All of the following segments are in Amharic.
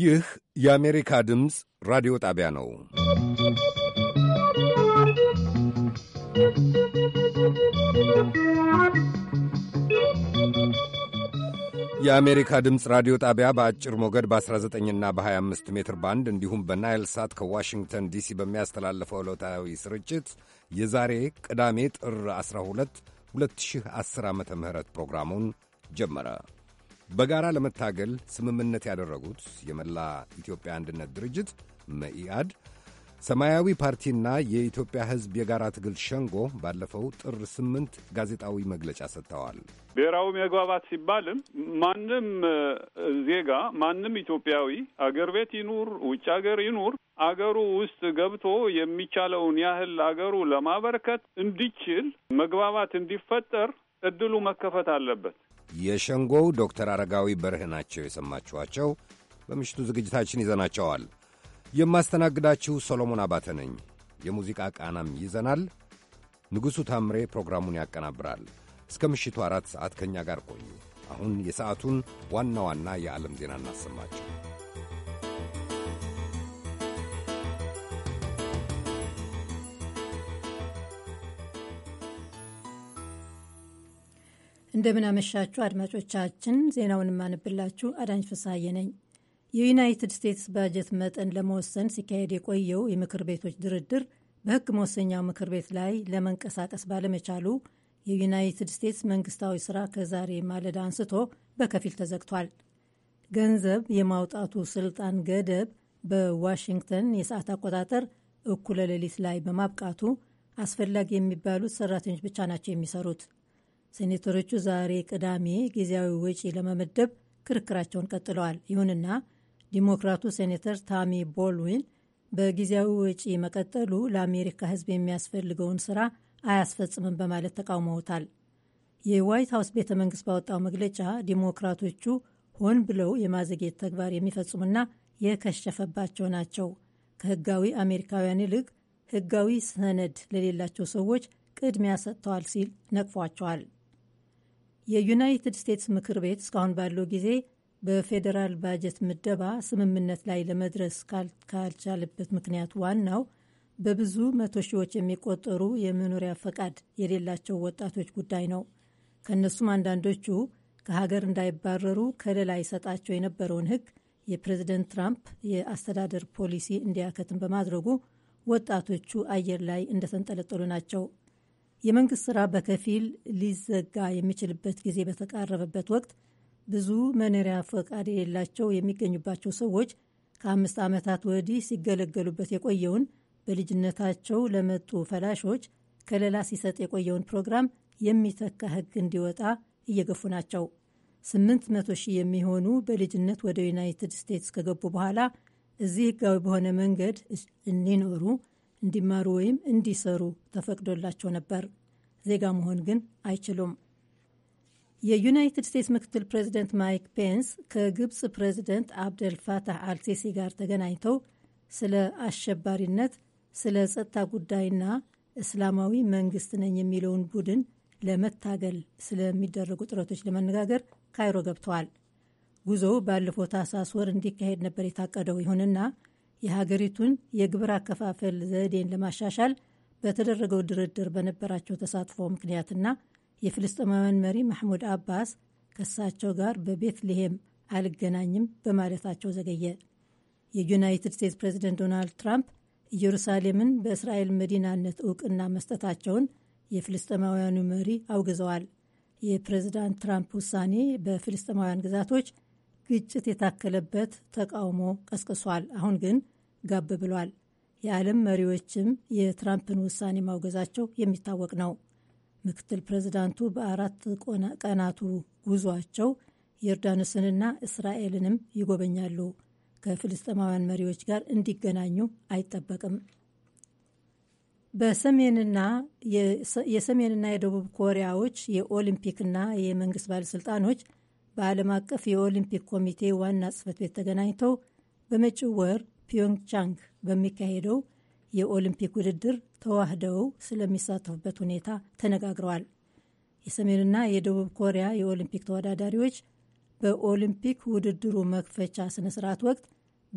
ይህ የአሜሪካ ድምፅ ራዲዮ ጣቢያ ነው። የአሜሪካ ድምፅ ራዲዮ ጣቢያ በአጭር ሞገድ በ19ና በ25 ሜትር ባንድ እንዲሁም በናይል ሳት ከዋሽንግተን ዲሲ በሚያስተላልፈው ዕለታዊ ስርጭት የዛሬ ቅዳሜ ጥር 12 2010 ዓ ም ፕሮግራሙን ጀመረ። በጋራ ለመታገል ስምምነት ያደረጉት የመላ ኢትዮጵያ አንድነት ድርጅት መኢአድ፣ ሰማያዊ ፓርቲና የኢትዮጵያ ሕዝብ የጋራ ትግል ሸንጎ ባለፈው ጥር ስምንት ጋዜጣዊ መግለጫ ሰጥተዋል። ብሔራዊ መግባባት ሲባልም ማንም ዜጋ ማንም ኢትዮጵያዊ አገር ቤት ይኑር ውጭ ሀገር ይኑር አገሩ ውስጥ ገብቶ የሚቻለውን ያህል አገሩ ለማበረከት እንዲችል መግባባት እንዲፈጠር እድሉ መከፈት አለበት። የሸንጎው ዶክተር አረጋዊ በርህ ናቸው የሰማችኋቸው። በምሽቱ ዝግጅታችን ይዘናቸዋል። የማስተናግዳችሁ ሰሎሞን አባተ ነኝ። የሙዚቃ ቃናም ይዘናል። ንጉሡ ታምሬ ፕሮግራሙን ያቀናብራል። እስከ ምሽቱ አራት ሰዓት ከእኛ ጋር ቆዩ። አሁን የሰዓቱን ዋና ዋና የዓለም ዜና እናሰማችሁ። እንደምን አመሻችሁ አድማጮቻችን። ዜናውን የማንብላችሁ አዳኝ ፍስሐዬ ነኝ። የዩናይትድ ስቴትስ ባጀት መጠን ለመወሰን ሲካሄድ የቆየው የምክር ቤቶች ድርድር በሕግ መወሰኛው ምክር ቤት ላይ ለመንቀሳቀስ ባለመቻሉ የዩናይትድ ስቴትስ መንግስታዊ ስራ ከዛሬ ማለዳ አንስቶ በከፊል ተዘግቷል። ገንዘብ የማውጣቱ ስልጣን ገደብ በዋሽንግተን የሰዓት አቆጣጠር እኩለ ሌሊት ላይ በማብቃቱ አስፈላጊ የሚባሉት ሰራተኞች ብቻ ናቸው የሚሰሩት። ሴኔተሮቹ ዛሬ ቅዳሜ ጊዜያዊ ወጪ ለመመደብ ክርክራቸውን ቀጥለዋል። ይሁንና ዲሞክራቱ ሴኔተር ታሚ ቦልዊን በጊዜያዊ ወጪ መቀጠሉ ለአሜሪካ ሕዝብ የሚያስፈልገውን ስራ አያስፈጽምም በማለት ተቃውመውታል። የዋይት ሀውስ ቤተ መንግስት ባወጣው መግለጫ ዲሞክራቶቹ ሆን ብለው የማዘግየት ተግባር የሚፈጽሙና የከሸፈባቸው ናቸው፣ ከህጋዊ አሜሪካውያን ይልቅ ህጋዊ ሰነድ ለሌላቸው ሰዎች ቅድሚያ ሰጥተዋል ሲል ነቅፏቸዋል። የዩናይትድ ስቴትስ ምክር ቤት እስካሁን ባለው ጊዜ በፌዴራል ባጀት ምደባ ስምምነት ላይ ለመድረስ ካልቻለበት ምክንያት ዋናው በብዙ መቶ ሺዎች የሚቆጠሩ የመኖሪያ ፈቃድ የሌላቸው ወጣቶች ጉዳይ ነው። ከእነሱም አንዳንዶቹ ከሀገር እንዳይባረሩ ከለላ ይሰጣቸው የነበረውን ሕግ የፕሬዝደንት ትራምፕ የአስተዳደር ፖሊሲ እንዲያከትም በማድረጉ ወጣቶቹ አየር ላይ እንደተንጠለጠሉ ናቸው። የመንግስት ስራ በከፊል ሊዘጋ የሚችልበት ጊዜ በተቃረበበት ወቅት ብዙ መኖሪያ ፈቃድ የሌላቸው የሚገኙባቸው ሰዎች ከአምስት ዓመታት ወዲህ ሲገለገሉበት የቆየውን በልጅነታቸው ለመጡ ፈላሾች ከለላ ሲሰጥ የቆየውን ፕሮግራም የሚተካ ሕግ እንዲወጣ እየገፉ ናቸው። 800 ሺህ የሚሆኑ በልጅነት ወደ ዩናይትድ ስቴትስ ከገቡ በኋላ እዚህ ሕጋዊ በሆነ መንገድ እንዲኖሩ፣ እንዲማሩ ወይም እንዲሰሩ ተፈቅዶላቸው ነበር። ዜጋ መሆን ግን አይችሉም። የዩናይትድ ስቴትስ ምክትል ፕሬዚደንት ማይክ ፔንስ ከግብፅ ፕሬዚደንት አብደል ፋታህ አልሲሲ ጋር ተገናኝተው ስለ አሸባሪነት፣ ስለ ጸጥታ ጉዳይና እስላማዊ መንግስት ነኝ የሚለውን ቡድን ለመታገል ስለሚደረጉ ጥረቶች ለመነጋገር ካይሮ ገብተዋል። ጉዞው ባለፈው ታህሳስ ወር እንዲካሄድ ነበር የታቀደው። ይሁንና የሀገሪቱን የግብር አከፋፈል ዘዴን ለማሻሻል በተደረገው ድርድር በነበራቸው ተሳትፎ ምክንያትና የፍልስጥማውያን መሪ ማሕሙድ አባስ ከእሳቸው ጋር በቤትልሔም አልገናኝም በማለታቸው ዘገየ። የዩናይትድ ስቴትስ ፕሬዚደንት ዶናልድ ትራምፕ ኢየሩሳሌምን በእስራኤል መዲናነት እውቅና መስጠታቸውን የፍልስጥማውያኑ መሪ አውግዘዋል። የፕሬዚዳንት ትራምፕ ውሳኔ በፍልስጥማውያን ግዛቶች ግጭት የታከለበት ተቃውሞ ቀስቅሷል። አሁን ግን ጋብ ብሏል። የዓለም መሪዎችም የትራምፕን ውሳኔ ማውገዛቸው የሚታወቅ ነው። ምክትል ፕሬዚዳንቱ በአራት ቀናቱ ጉዟቸው ዮርዳኖስንና እስራኤልንም ይጎበኛሉ። ከፍልስጤማውያን መሪዎች ጋር እንዲገናኙ አይጠበቅም። በሰሜንና የሰሜንና የደቡብ ኮሪያዎች የኦሊምፒክና የመንግስት ባለሥልጣኖች በዓለም አቀፍ የኦሊምፒክ ኮሚቴ ዋና ጽህፈት ቤት ተገናኝተው በመጪው ወር ፒዮንግቻንግ በሚካሄደው የኦሊምፒክ ውድድር ተዋህደው ስለሚሳተፉበት ሁኔታ ተነጋግረዋል። የሰሜንና የደቡብ ኮሪያ የኦሊምፒክ ተወዳዳሪዎች በኦሊምፒክ ውድድሩ መክፈቻ ስነ ስርዓት ወቅት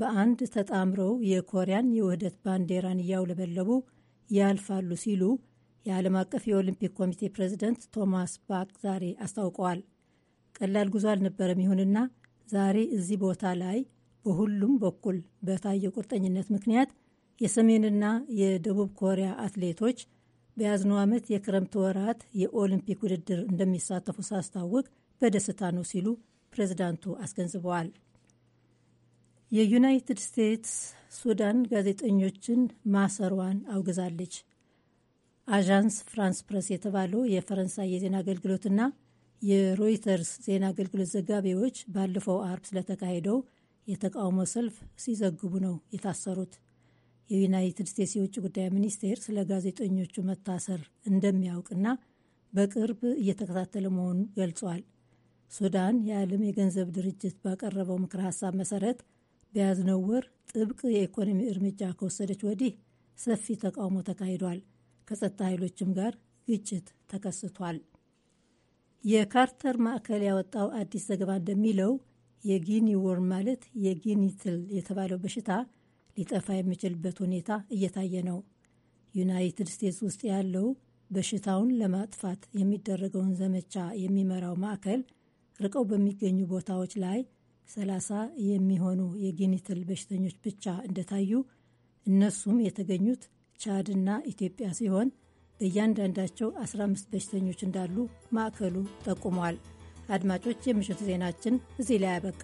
በአንድ ተጣምረው የኮሪያን የውህደት ባንዲራን እያውለበለቡ ያልፋሉ ሲሉ የዓለም አቀፍ የኦሊምፒክ ኮሚቴ ፕሬዚደንት ቶማስ ባክ ዛሬ አስታውቀዋል። ቀላል ጉዞ አልነበረም። ይሁንና ዛሬ እዚህ ቦታ ላይ በሁሉም በኩል በታየው ቁርጠኝነት ምክንያት የሰሜንና የደቡብ ኮሪያ አትሌቶች በያዝነው ዓመት የክረምት ወራት የኦሊምፒክ ውድድር እንደሚሳተፉ ሳስታውቅ በደስታ ነው ሲሉ ፕሬዚዳንቱ አስገንዝበዋል። የዩናይትድ ስቴትስ ሱዳን ጋዜጠኞችን ማሰሯን አውግዛለች። አዣንስ ፍራንስ ፕረስ የተባለው የፈረንሳይ የዜና አገልግሎትና የሮይተርስ ዜና አገልግሎት ዘጋቢዎች ባለፈው አርብ ስለተካሄደው የተቃውሞ ሰልፍ ሲዘግቡ ነው የታሰሩት። የዩናይትድ ስቴትስ የውጭ ጉዳይ ሚኒስቴር ስለ ጋዜጠኞቹ መታሰር እንደሚያውቅና በቅርብ እየተከታተለ መሆኑን ገልጿል። ሱዳን የዓለም የገንዘብ ድርጅት ባቀረበው ምክረ ሀሳብ መሰረት በያዝነው ወር ጥብቅ የኢኮኖሚ እርምጃ ከወሰደች ወዲህ ሰፊ ተቃውሞ ተካሂዷል። ከጸጥታ ኃይሎችም ጋር ግጭት ተከስቷል። የካርተር ማዕከል ያወጣው አዲስ ዘገባ እንደሚለው የጊኒ ወርም ማለት የጊኒ ትል የተባለው በሽታ ሊጠፋ የሚችልበት ሁኔታ እየታየ ነው። ዩናይትድ ስቴትስ ውስጥ ያለው በሽታውን ለማጥፋት የሚደረገውን ዘመቻ የሚመራው ማዕከል ርቀው በሚገኙ ቦታዎች ላይ 30 የሚሆኑ የጊኒትል በሽተኞች ብቻ እንደታዩ እነሱም የተገኙት ቻድና ኢትዮጵያ ሲሆን በእያንዳንዳቸው 15 በሽተኞች እንዳሉ ማዕከሉ ጠቁሟል። አድማጮች፣ የምሽቱ ዜናችን እዚህ ላይ አበቃ።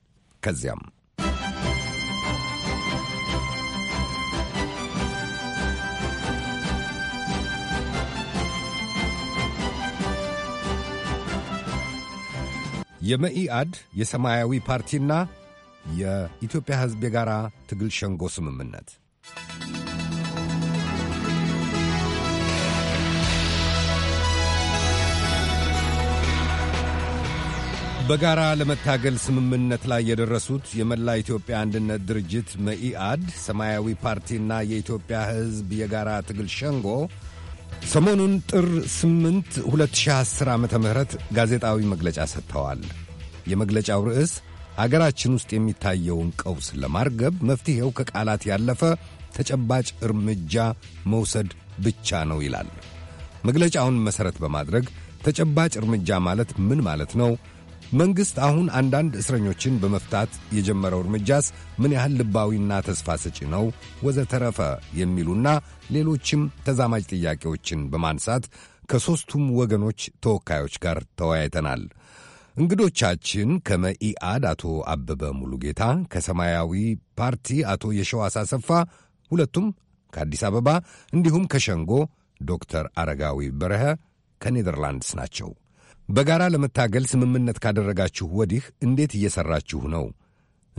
ከዚያም የመኢአድ የሰማያዊ ፓርቲና የኢትዮጵያ ሕዝብ የጋራ ትግል ሸንጎ ስምምነት በጋራ ለመታገል ስምምነት ላይ የደረሱት የመላ ኢትዮጵያ አንድነት ድርጅት መኢአድ፣ ሰማያዊ ፓርቲና የኢትዮጵያ ሕዝብ የጋራ ትግል ሸንጎ ሰሞኑን ጥር 8 2010 ዓ ም ጋዜጣዊ መግለጫ ሰጥተዋል። የመግለጫው ርዕስ አገራችን ውስጥ የሚታየውን ቀውስ ለማርገብ መፍትሔው ከቃላት ያለፈ ተጨባጭ እርምጃ መውሰድ ብቻ ነው ይላል። መግለጫውን መሠረት በማድረግ ተጨባጭ እርምጃ ማለት ምን ማለት ነው? መንግሥት አሁን አንዳንድ እስረኞችን በመፍታት የጀመረው እርምጃስ ምን ያህል ልባዊና ተስፋ ሰጪ ነው ወዘተረፈ የሚሉና ሌሎችም ተዛማጅ ጥያቄዎችን በማንሳት ከሦስቱም ወገኖች ተወካዮች ጋር ተወያይተናል። እንግዶቻችን ከመኢአድ አቶ አበበ ሙሉጌታ፣ ከሰማያዊ ፓርቲ አቶ የሸዋስ አሰፋ ሁለቱም ከአዲስ አበባ እንዲሁም ከሸንጎ ዶክተር አረጋዊ በረኸ ከኔዘርላንድስ ናቸው። በጋራ ለመታገል ስምምነት ካደረጋችሁ ወዲህ እንዴት እየሠራችሁ ነው?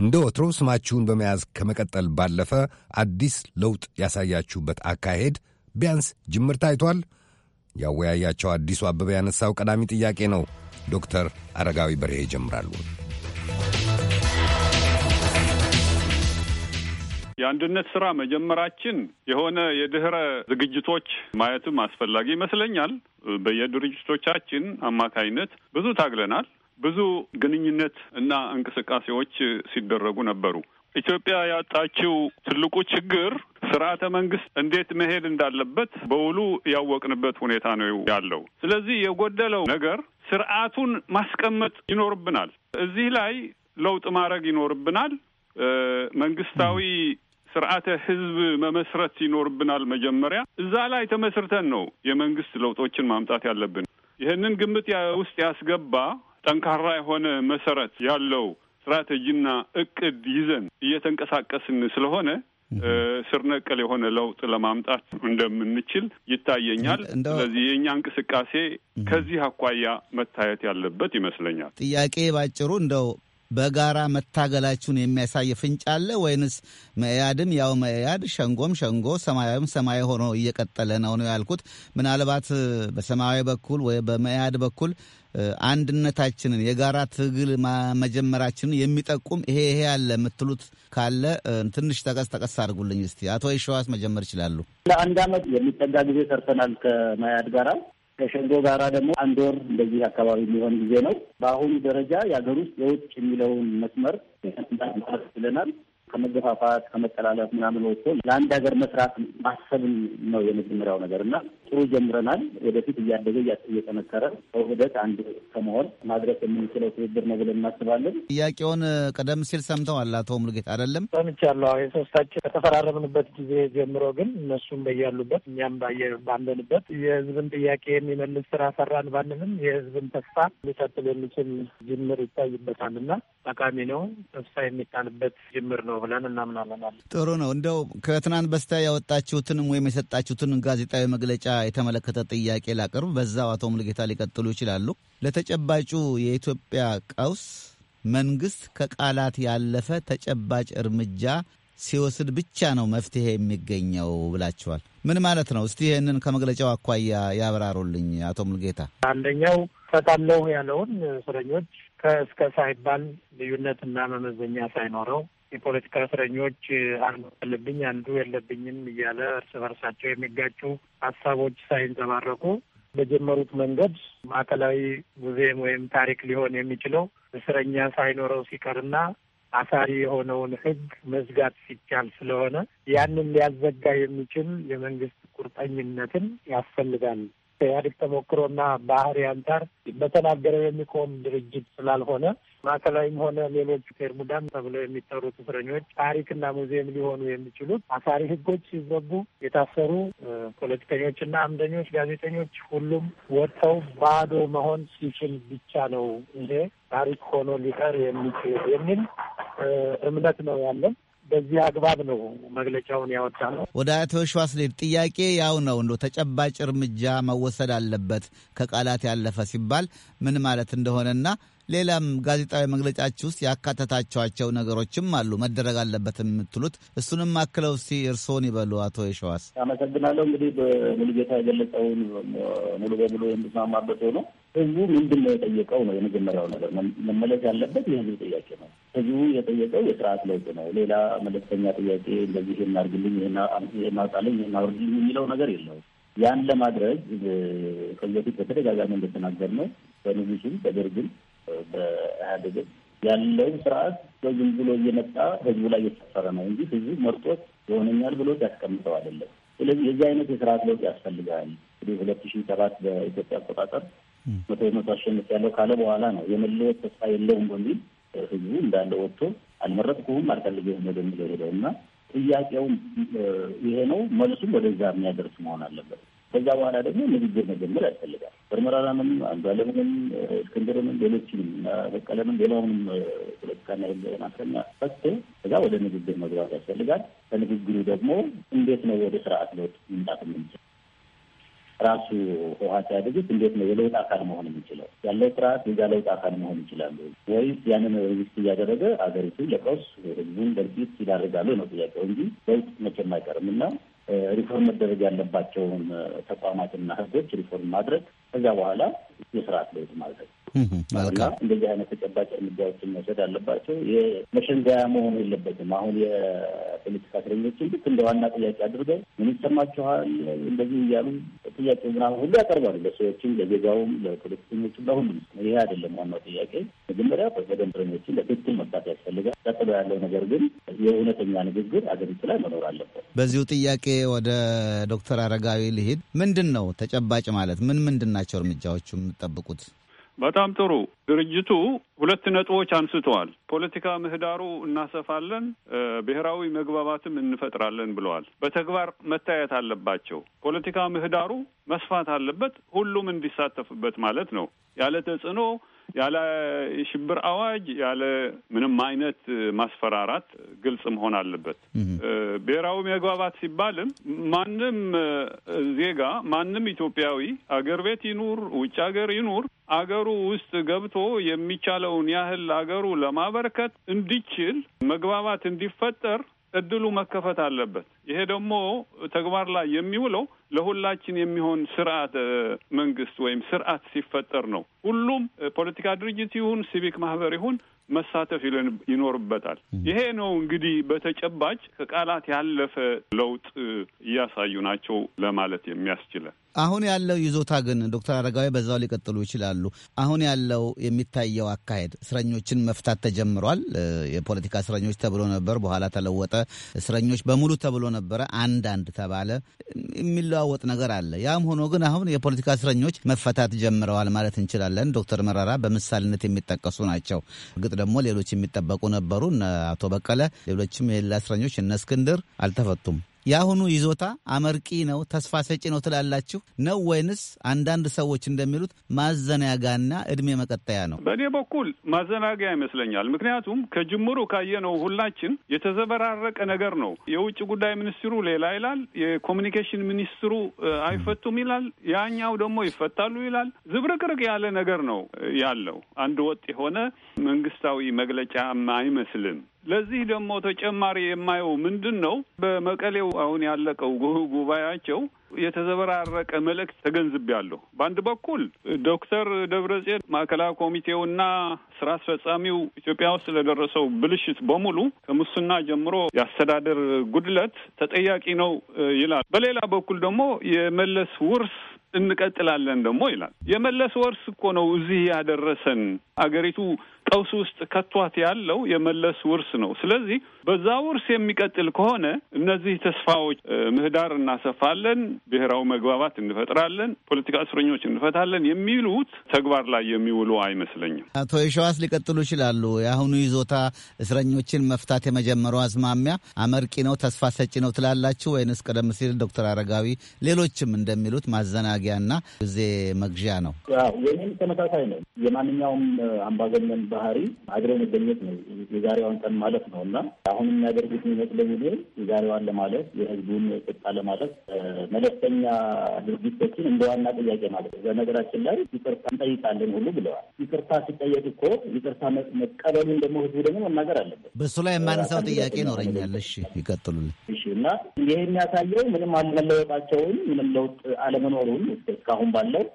እንደ ወትሮ ስማችሁን በመያዝ ከመቀጠል ባለፈ አዲስ ለውጥ ያሳያችሁበት አካሄድ ቢያንስ ጅምር ታይቷል? ያወያያቸው አዲሱ አበበ ያነሳው ቀዳሚ ጥያቄ ነው። ዶክተር አረጋዊ በርሄ ይጀምራሉ። የአንድነት ስራ መጀመራችን የሆነ የድህረ ዝግጅቶች ማየትም አስፈላጊ ይመስለኛል። በየድርጅቶቻችን አማካይነት ብዙ ታግለናል። ብዙ ግንኙነት እና እንቅስቃሴዎች ሲደረጉ ነበሩ። ኢትዮጵያ ያጣችው ትልቁ ችግር ስርዓተ መንግስት እንዴት መሄድ እንዳለበት በውሉ ያወቅንበት ሁኔታ ነው ያለው። ስለዚህ የጎደለው ነገር ስርዓቱን ማስቀመጥ ይኖርብናል። እዚህ ላይ ለውጥ ማድረግ ይኖርብናል። መንግስታዊ ስርዓተ ህዝብ መመስረት ይኖርብናል። መጀመሪያ እዛ ላይ ተመስርተን ነው የመንግስት ለውጦችን ማምጣት ያለብን። ይህንን ግምት ውስጥ ያስገባ ጠንካራ የሆነ መሰረት ያለው ስትራቴጂና እቅድ ይዘን እየተንቀሳቀስን ስለሆነ ስር ነቀል የሆነ ለውጥ ለማምጣት እንደምንችል ይታየኛል። ስለዚህ የእኛ እንቅስቃሴ ከዚህ አኳያ መታየት ያለበት ይመስለኛል። ጥያቄ ባጭሩ እንደው በጋራ መታገላችሁን የሚያሳይ ፍንጭ አለ ወይንስ መኢአድም ያው መኢአድ ሸንጎም ሸንጎ ሰማያዊም ሰማያዊ ሆኖ እየቀጠለ ነው ነው ያልኩት። ምናልባት በሰማያዊ በኩል ወይ በመኢአድ በኩል አንድነታችንን የጋራ ትግል መጀመራችንን የሚጠቁም ይሄ ይሄ አለ የምትሉት ካለ ትንሽ ጠቀስ ጠቀስ አድርጉልኝ እስቲ። አቶ ይሸዋስ መጀመር ይችላሉ። ለአንድ አመት የሚጠጋ ጊዜ ሰርተናል ከመያድ ጋራ ከሸንጎ ጋራ ደግሞ አንድ ወር እንደዚህ አካባቢ የሚሆን ጊዜ ነው። በአሁኑ ደረጃ የሀገር ውስጥ የውጭ የሚለውን መስመር ችለናል። ከመገፋፋት ከመጠላለፍ ምናምን ወጥቶ ለአንድ ሀገር መስራት ማሰብን ነው የመጀመሪያው ነገር እና ጥሩ ጀምረናል። ወደፊት እያደገ እየጠነከረ በውህደት አንድ ከመሆን ማድረስ የምንችለው ትብብር ነው ብለን እናስባለን። ጥያቄውን ቀደም ሲል ሰምተዋል አቶ ሙሉጌታ አይደለም? ሰምቻለሁ። የሶስታችን ከተፈራረምንበት ጊዜ ጀምሮ ግን እነሱም በያሉበት እኛም ባለንበት የህዝብን ጥያቄ የሚመልስ ስራ ሰራን ባንንም የህዝብን ተስፋ ሊቀጥል የሚችል ጅምር ይታይበታል እና ጠቃሚ ነው። ተስፋ የሚጣልበት ጅምር ነው ብለን እናምናለን። ጥሩ ነው። እንደው ከትናንት በስቲያ ያወጣችሁትንም ወይም የሰጣችሁትን ጋዜጣዊ መግለጫ የተመለከተ ጥያቄ ላቀርብ። በዛው አቶ ሙልጌታ ሊቀጥሉ ይችላሉ። ለተጨባጩ የኢትዮጵያ ቀውስ መንግስት ከቃላት ያለፈ ተጨባጭ እርምጃ ሲወስድ ብቻ ነው መፍትሄ የሚገኘው ብላችኋል። ምን ማለት ነው? እስቲ ይህንን ከመግለጫው አኳያ ያብራሩልኝ አቶ ሙልጌታ። አንደኛው ፈታለሁ ያለውን እስረኞች ከእስከ ሳይባል ልዩነትና መመዘኛ ሳይኖረው የፖለቲካ እስረኞች አንዱ አለብኝ አንዱ የለብኝም እያለ እርስ በርሳቸው የሚጋጩ ሀሳቦች ሳይንጸባረቁ በጀመሩት መንገድ ማዕከላዊ ሙዚየም ወይም ታሪክ ሊሆን የሚችለው እስረኛ ሳይኖረው ሲቀርና አሳሪ የሆነውን ሕግ መዝጋት ሲቻል ስለሆነ ያንን ሊያዘጋ የሚችል የመንግስት ቁርጠኝነትን ያስፈልጋል። ከኢህአዴግ ተሞክሮና ባህሪ አንጻር በተናገረው የሚቆም ድርጅት ስላልሆነ ማዕከላዊም ሆነ ሌሎች ፌርሙዳም ተብለው የሚጠሩት እስረኞች ታሪክና ሙዚየም ሊሆኑ የሚችሉት አሳሪ ህጎች ሲዘጉ የታሰሩ ፖለቲከኞችና አምደኞች፣ ጋዜጠኞች ሁሉም ወጥተው ባዶ መሆን ሲችል ብቻ ነው ይሄ ታሪክ ሆኖ ሊቀር የሚችል የሚል እምነት ነው ያለን። በዚህ አግባብ ነው መግለጫውን ያወጣ ነው። ወደ አቶ ሸዋስሌድ ጥያቄ ያው ነው እንደ ተጨባጭ እርምጃ መወሰድ አለበት ከቃላት ያለፈ ሲባል ምን ማለት እንደሆነና ሌላም ጋዜጣዊ መግለጫችሁ ውስጥ ያካተታቸዋቸው ነገሮችም አሉ መደረግ አለበት የምትሉት እሱንም አክለው እስቲ እርስዎን ይበሉ አቶ የሸዋስ። አመሰግናለሁ። እንግዲህ በሙሉጌታ የገለጸውን ሙሉ በሙሉ የሚስማማበት ሆኖ ህዝቡ ምንድን ነው የጠየቀው ነው የመጀመሪያው ነገር። መመለስ ያለበት የህዝብ ጥያቄ ነው። ህዝቡ የጠየቀው የስርዓት ለውጥ ነው። ሌላ መለስተኛ ጥያቄ እንደዚህ ይህን አድርግልኝ፣ ይህን አውጣልኝ፣ አውርድልኝ የሚለው ነገር የለውም። ያን ለማድረግ ከዚህ በፊት በተደጋጋሚ ነው በንጉሱም በደርግም በኢህአዴግም ያለው ስርዓት በዝም ብሎ እየመጣ ህዝቡ ላይ እየተሰፈረ ነው እንጂ ህዝቡ መርጦት የሆነኛል ብሎ ያስቀምጠው አይደለም። ስለዚህ የዚህ አይነት የስርዓት ለውጥ ያስፈልጋል። እንግዲህ ሁለት ሺህ ሰባት በኢትዮጵያ አቆጣጠር መቶ በመቶ አሸንፍ ያለው ካለ በኋላ ነው የመለወጥ ተስፋ የለውም በሚል ህዝቡ እንዳለ ወጥቶ አልመረጥኩም አልፈልገውም ወደሚለው ሄደው እና ጥያቄውም ይሄ ነው፣ መልሱም ወደዛ የሚያደርስ መሆን አለበት። ከዛ በኋላ ደግሞ ንግግር መጀመር ያስፈልጋል። ምርመራንም አንዱዓለምንም፣ እስክንድርንም፣ ሌሎችንም በቀለምን፣ ሌላውንም ፖለቲካና ማስከኛ ፈት ከዛ ወደ ንግግር መግባት ያስፈልጋል። ከንግግሩ ደግሞ እንዴት ነው ወደ ስርዓት ለውጥ መምጣት የምንችል ራሱ ህወሀት ያደጉት እንዴት ነው የለውጥ አካል መሆን የሚችለው? ያለው ስርዓት የዛ ለውጥ አካል መሆን ይችላሉ ወይስ ያንን መንግስት እያደረገ ሀገሪቱን ለቀውስ ህዝቡን ለእልቂት ይዳርጋሉ ነው ጥያቄው እንጂ ለውጥ መቼም አይቀርም እና ሪፎርም መደረግ ያለባቸውን ተቋማትና ህጎች ሪፎርም ማድረግ ከዚያ በኋላ የስርዓት ለውጥ ማለት ነው። እና እንደዚህ አይነት ተጨባጭ እርምጃዎችን መውሰድ አለባቸው። መሸንገያ መሆን የለበትም። አሁን የፖለቲካ እስረኞችን ልክ እንደ ዋና ጥያቄ አድርገው ምን ይሰማችኋል እንደዚህ እያሉ ጥያቄ ምናምን ሁሉ ያቀርባሉ፣ ለሰዎችም፣ ለዜጋውም፣ ለፖለቲከኞችም፣ ለሁሉም። ይሄ አይደለም ዋናው ጥያቄ። መጀመሪያ በደንብ እስረኞችን በትክክል መፍታት ያስፈልጋል። ቀጥሎ ያለው ነገር ግን የእውነተኛ ንግግር አገሪቱ ላይ መኖር አለበት። በዚሁ ጥያቄ ወደ ዶክተር አረጋዊ ልሂድ። ምንድን ነው ተጨባጭ ማለት ምን ምንድን ናቸው እርምጃዎቹ የምጠብቁት? በጣም ጥሩ። ድርጅቱ ሁለት ነጥቦች አንስተዋል። ፖለቲካ ምህዳሩ እናሰፋለን፣ ብሔራዊ መግባባትም እንፈጥራለን ብለዋል። በተግባር መታየት አለባቸው። ፖለቲካ ምህዳሩ መስፋት አለበት፣ ሁሉም እንዲሳተፍበት ማለት ነው። ያለ ተጽዕኖ ያለ የሽብር አዋጅ ያለ ምንም አይነት ማስፈራራት ግልጽ መሆን አለበት። ብሔራዊ መግባባት ሲባልም ማንም ዜጋ ማንም ኢትዮጵያዊ አገር ቤት ይኑር ውጭ ሀገር ይኑር አገሩ ውስጥ ገብቶ የሚቻለውን ያህል አገሩ ለማበረከት እንዲችል መግባባት እንዲፈጠር እድሉ መከፈት አለበት። ይሄ ደግሞ ተግባር ላይ የሚውለው ለሁላችን የሚሆን ስርዓት መንግስት ወይም ስርዓት ሲፈጠር ነው። ሁሉም ፖለቲካ ድርጅት ይሁን ሲቪክ ማህበር ይሁን መሳተፍ ይኖርበታል። ይሄ ነው እንግዲህ በተጨባጭ ከቃላት ያለፈ ለውጥ እያሳዩ ናቸው ለማለት የሚያስችለን። አሁን ያለው ይዞታ ግን ዶክተር አረጋዊ በዛው ሊቀጥሉ ይችላሉ። አሁን ያለው የሚታየው አካሄድ እስረኞችን መፍታት ተጀምሯል። የፖለቲካ እስረኞች ተብሎ ነበር፣ በኋላ ተለወጠ። እስረኞች በሙሉ ተብሎ ነበረ፣ አንዳንድ ተባለ። የሚለዋወጥ ነገር አለ። ያም ሆኖ ግን አሁን የፖለቲካ እስረኞች መፈታት ጀምረዋል ማለት እንችላለን። ዶክተር መረራ በምሳሌነት የሚጠቀሱ ናቸው። እርግጥ ደግሞ ሌሎች የሚጠበቁ ነበሩ፣ አቶ በቀለ፣ ሌሎችም የሌላ እስረኞች እነ እስክንድር አልተፈቱም። የአሁኑ ይዞታ አመርቂ ነው፣ ተስፋ ሰጪ ነው ትላላችሁ ነው ወይንስ አንዳንድ ሰዎች እንደሚሉት ማዘናጋና እድሜ መቀጠያ ነው? በእኔ በኩል ማዘናጋያ ይመስለኛል። ምክንያቱም ከጅምሩ ካየነው ሁላችን የተዘበራረቀ ነገር ነው። የውጭ ጉዳይ ሚኒስትሩ ሌላ ይላል፣ የኮሚኒኬሽን ሚኒስትሩ አይፈቱም ይላል፣ ያኛው ደግሞ ይፈታሉ ይላል። ዝብርቅርቅ ያለ ነገር ነው ያለው። አንድ ወጥ የሆነ መንግስታዊ መግለጫ አይመስልም። ለዚህ ደግሞ ተጨማሪ የማየው ምንድን ነው፣ በመቀሌው አሁን ያለቀው ጉባኤያቸው የተዘበራረቀ መልእክት ተገንዝቤያለሁ። በአንድ በኩል ዶክተር ደብረጽዮን ማዕከላዊ ኮሚቴውና ስራ አስፈጻሚው ኢትዮጵያ ውስጥ ለደረሰው ብልሽት በሙሉ ከሙስና ጀምሮ የአስተዳደር ጉድለት ተጠያቂ ነው ይላል። በሌላ በኩል ደግሞ የመለስ ውርስ እንቀጥላለን ደግሞ ይላል። የመለስ ውርስ እኮ ነው እዚህ ያደረሰን አገሪቱ ቀውስ ውስጥ ከቷት ያለው የመለስ ውርስ ነው። ስለዚህ በዛ ውርስ የሚቀጥል ከሆነ እነዚህ ተስፋዎች ምህዳር እናሰፋለን፣ ብሔራዊ መግባባት እንፈጥራለን፣ ፖለቲካ እስረኞች እንፈታለን የሚሉት ተግባር ላይ የሚውሉ አይመስለኝም። አቶ የሸዋስ ሊቀጥሉ ይችላሉ። የአሁኑ ይዞታ እስረኞችን መፍታት የመጀመሩ አዝማሚያ አመርቂ ነው፣ ተስፋ ሰጪ ነው ትላላችሁ ወይንስ ቀደም ሲል ዶክተር አረጋዊ ሌሎችም እንደሚሉት ማዘናጊያና ጊዜ መግዣ ነው ወይም ተመሳሳይ ነው የማንኛውም አምባገነን ባህሪ አድረን መገኘት ነው የዛሬዋን ቀን ማለት ነው እና አሁን የሚያደርጉት የሚመስለኝ ግን የዛሬዋን ለማለት የህዝቡን ቁጣ ለማለት መለስተኛ ድርጊቶችን እንደ ዋና ጥያቄ ማለት ነው። በነገራችን ላይ ይቅርታ እንጠይቃለን ሁሉ ብለዋል። ይቅርታ ሲጠየቅ እኮ ይቅርታ መቀበሉን ደግሞ ህዝቡ ደግሞ መናገር አለበት። በእሱ ላይ የማነሳው ጥያቄ ይኖረኛል። እሺ ይቀጥሉልን። እሺ እና ይህ የሚያሳየው ምንም አለመለወጣቸውን ምንም ለውጥ አለመኖሩን እስካሁን ባለው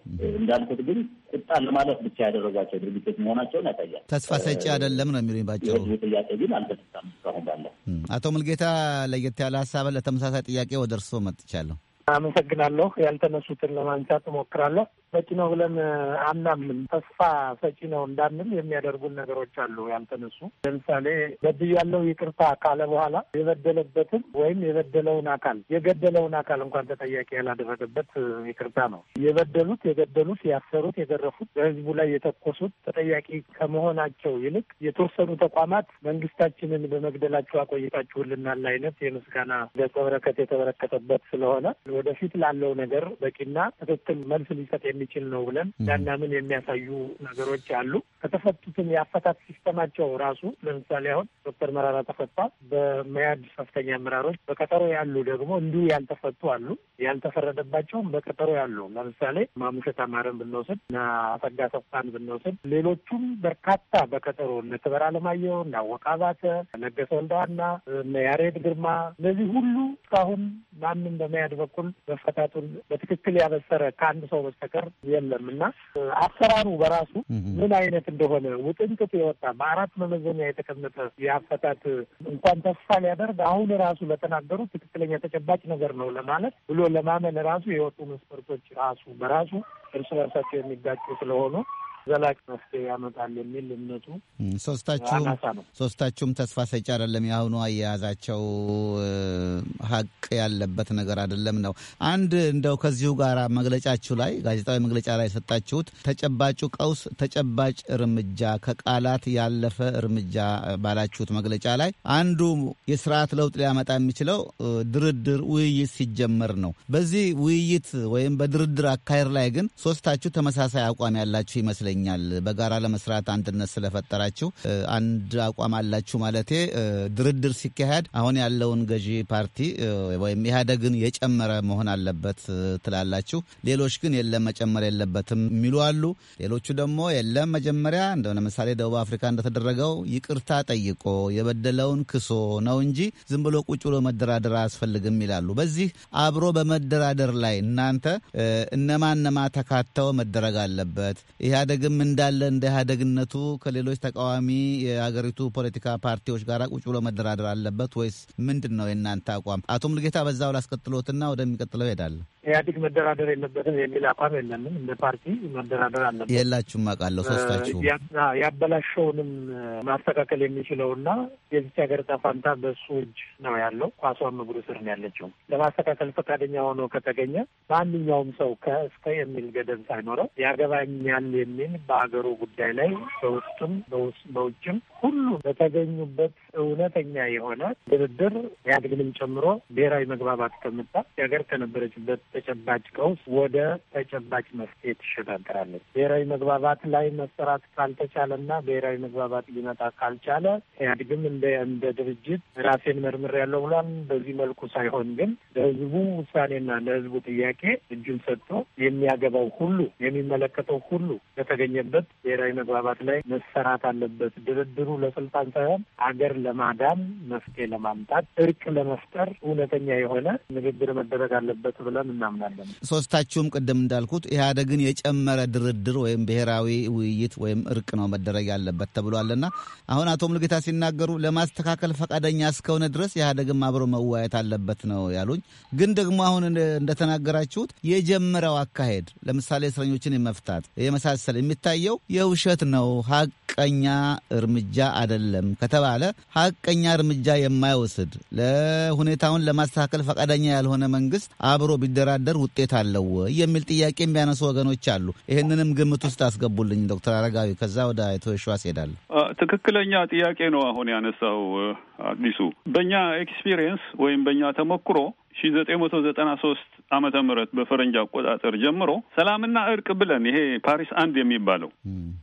እንዳልኩት ግን ቁጣ ለማለት ብቻ ያደረጓቸው ድርጊቶች መሆናቸውን ያሳያል። ተስፋ ሰጪ አይደለም ነው የሚሉኝ። ባጭሩ ጥያቄ ግን አልተነሳም እስካሁን ባለው። አቶ ሙልጌታ ለየት ያለ ሀሳብ ለተመሳሳይ ጥያቄ ወደ እርስዎ መጥቻለሁ። አመሰግናለሁ። ያልተነሱትን ለማንሳት እሞክራለሁ። በቂ ነው ብለን አናምንም። ተስፋ ሰጪ ነው እንዳንል የሚያደርጉን ነገሮች አሉ ያልተነሱ። ለምሳሌ በድያለሁ ያለው ይቅርታ ካለ በኋላ የበደለበትን ወይም የበደለውን አካል የገደለውን አካል እንኳን ተጠያቂ ያላደረገበት ይቅርታ ነው። የበደሉት፣ የገደሉት፣ ያሰሩት፣ የገረፉት፣ በህዝቡ ላይ የተኮሱት ተጠያቂ ከመሆናቸው ይልቅ የተወሰኑ ተቋማት መንግስታችንን በመግደላቸው አቆይታችሁልናል አይነት የምስጋና ገጸ በረከት የተበረከተበት ስለሆነ ወደፊት ላለው ነገር በቂና ትክክል መልስ ሊሰጥ የሚችል ነው ብለን ያናምን የሚያሳዩ ነገሮች አሉ። ከተፈቱትም የአፈታት ሲስተማቸው ራሱ ለምሳሌ አሁን ዶክተር መራራ ተፈታ፣ በመያድ ከፍተኛ አመራሮች በቀጠሮ ያሉ ደግሞ እንዲሁ ያልተፈቱ አሉ። ያልተፈረደባቸውም በቀጠሮ ያሉ ለምሳሌ ማሙሸት አማረን ብንወስድ እና አፈጋ ሰፋን ብንወስድ ሌሎቹም በርካታ በቀጠሮ እነ ክብረ አለማየሁ እና አወቀ አባተ ነገሰ ወልደዋና ያሬድ ግርማ እነዚህ ሁሉ እስካሁን ማንም በመያድ በኩል መፈታቱን መፈታቱን በትክክል ያበሰረ ከአንድ ሰው በስተቀር የለም እና አሰራሩ በራሱ ምን አይነት እንደሆነ ውጥንቅጥ የወጣ በአራት መመዘኛ የተቀመጠ የአፈታት እንኳን ተስፋ ሊያደርግ አሁን ራሱ ለተናገሩ ትክክለኛ ተጨባጭ ነገር ነው ለማለት ብሎ ለማመን ራሱ የወጡ መስፈርቶች ራሱ በራሱ እርስ በርሳቸው የሚጋጩ ስለሆኑ ዘላቂ መፍትሄ ያመጣል የሚል እምነቱ ሶስታችሁም ሶስታችሁም ተስፋ ሰጪ አይደለም። የአሁኑ አያያዛቸው ሀቅ ያለበት ነገር አይደለም ነው። አንድ እንደው ከዚሁ ጋር መግለጫችሁ ላይ ጋዜጣዊ መግለጫ ላይ የሰጣችሁት ተጨባጩ ቀውስ ተጨባጭ እርምጃ ከቃላት ያለፈ እርምጃ ባላችሁት መግለጫ ላይ አንዱ የስርዓት ለውጥ ሊያመጣ የሚችለው ድርድር፣ ውይይት ሲጀመር ነው። በዚህ ውይይት ወይም በድርድር አካሄድ ላይ ግን ሶስታችሁ ተመሳሳይ አቋም ያላችሁ ይመስለኛል። ይመስለኛል። በጋራ ለመስራት አንድነት ስለፈጠራችሁ አንድ አቋም አላችሁ ማለቴ ድርድር ሲካሄድ አሁን ያለውን ገዢ ፓርቲ ወይም ኢህአዴግን የጨመረ መሆን አለበት ትላላችሁ። ሌሎች ግን የለም መጨመር የለበትም የሚሉ አሉ። ሌሎቹ ደግሞ የለም መጀመሪያ እንደ ለምሳሌ ደቡብ አፍሪካ እንደተደረገው ይቅርታ ጠይቆ የበደለውን ክሶ ነው እንጂ ዝም ብሎ ቁጭ ብሎ መደራደር አያስፈልግም ይላሉ። በዚህ አብሮ በመደራደር ላይ እናንተ እነማን እነማ ተካተው መደረግ አለበት ኢህአዴግ ኢህአደግም እንዳለ እንደ ኢህአደግነቱ ከሌሎች ተቃዋሚ የሀገሪቱ ፖለቲካ ፓርቲዎች ጋር ቁጭ ብሎ መደራደር አለበት ወይስ ምንድን ነው የእናንተ አቋም? አቶ ሙልጌታ በዛው ላስቀጥሎትና ወደሚቀጥለው እሄዳለሁ። ኢህአዲግ መደራደር የለበትም የሚል አቋም የለንም። እንደ ፓርቲ መደራደር አለበት የላችሁም፣ አውቃለሁ። ሶስታችሁ ያበላሸውንም ማስተካከል የሚችለውና የዚች ሀገር ዕጣ በሱ እጅ ነው ያለው። ኳሷ እግሩ ስር ነው ያለችው። ለማስተካከል ፈቃደኛ ሆኖ ከተገኘ ማንኛውም ሰው ከእስከ የሚል ገደብ ሳይኖረው ያገባኛል የሚል በሀገሩ ጉዳይ ላይ በውስጡም በውጭም ሁሉ በተገኙበት እውነተኛ የሆነ ድርድር ኢህአዴግንም ጨምሮ ብሔራዊ መግባባት ከምጣ የሀገር ከነበረችበት ተጨባጭ ቀውስ ወደ ተጨባጭ መፍትሄ ትሸጋገራለች። ብሔራዊ መግባባት ላይ መሰራት ካልተቻለና ብሔራዊ መግባባት ሊመጣ ካልቻለ ኢህአዴግም እንደ እንደ ድርጅት ራሴን መርምር ያለው ብሏል። በዚህ መልኩ ሳይሆን ግን ለህዝቡ ውሳኔና ለህዝቡ ጥያቄ እጁን ሰጥቶ የሚያገባው ሁሉ የሚመለከተው ሁሉ የተገኘበት ብሔራዊ መግባባት ላይ መሰራት አለበት። ድርድሩ ለስልጣን ሳይሆን አገር ለማዳን መፍትሄ ለማምጣት እርቅ ለመፍጠር እውነተኛ የሆነ ንግግር መደረግ አለበት ብለን እናምናለን። ሶስታችሁም ቅድም እንዳልኩት ኢህአደግን የጨመረ ድርድር ወይም ብሔራዊ ውይይት ወይም እርቅ ነው መደረግ ያለበት ተብሏልና አሁን አቶ ሙልጌታ ሲናገሩ ለማስተካከል ፈቃደኛ እስከሆነ ድረስ ኢህአደግም አብሮ መወያየት አለበት ነው ያሉኝ። ግን ደግሞ አሁን እንደተናገራችሁት የጀመረው አካሄድ ለምሳሌ እስረኞችን የመፍታት የመሳሰል የሚታየው የውሸት ነው፣ ሀቀኛ እርምጃ አይደለም ከተባለ ሀቀኛ እርምጃ የማይወስድ ለሁኔታውን ለማስተካከል ፈቃደኛ ያልሆነ መንግስት አብሮ ቢደራደር ውጤት አለው የሚል ጥያቄ የሚያነሱ ወገኖች አሉ። ይህንንም ግምት ውስጥ አስገቡልኝ ዶክተር አረጋዊ። ከዛ ወደ አቶ ዮሽዋስ እሄዳለሁ። ትክክለኛ ጥያቄ ነው አሁን ያነሳው አዲሱ። በእኛ ኤክስፒሪየንስ ወይም በእኛ ተሞክሮ ሺ ዘጠኝ መቶ ዘጠና ሶስት ምህረት በፈረንጅ አቆጣጠር ጀምሮ ሰላምና እርቅ ብለን ይሄ ፓሪስ አንድ የሚባለው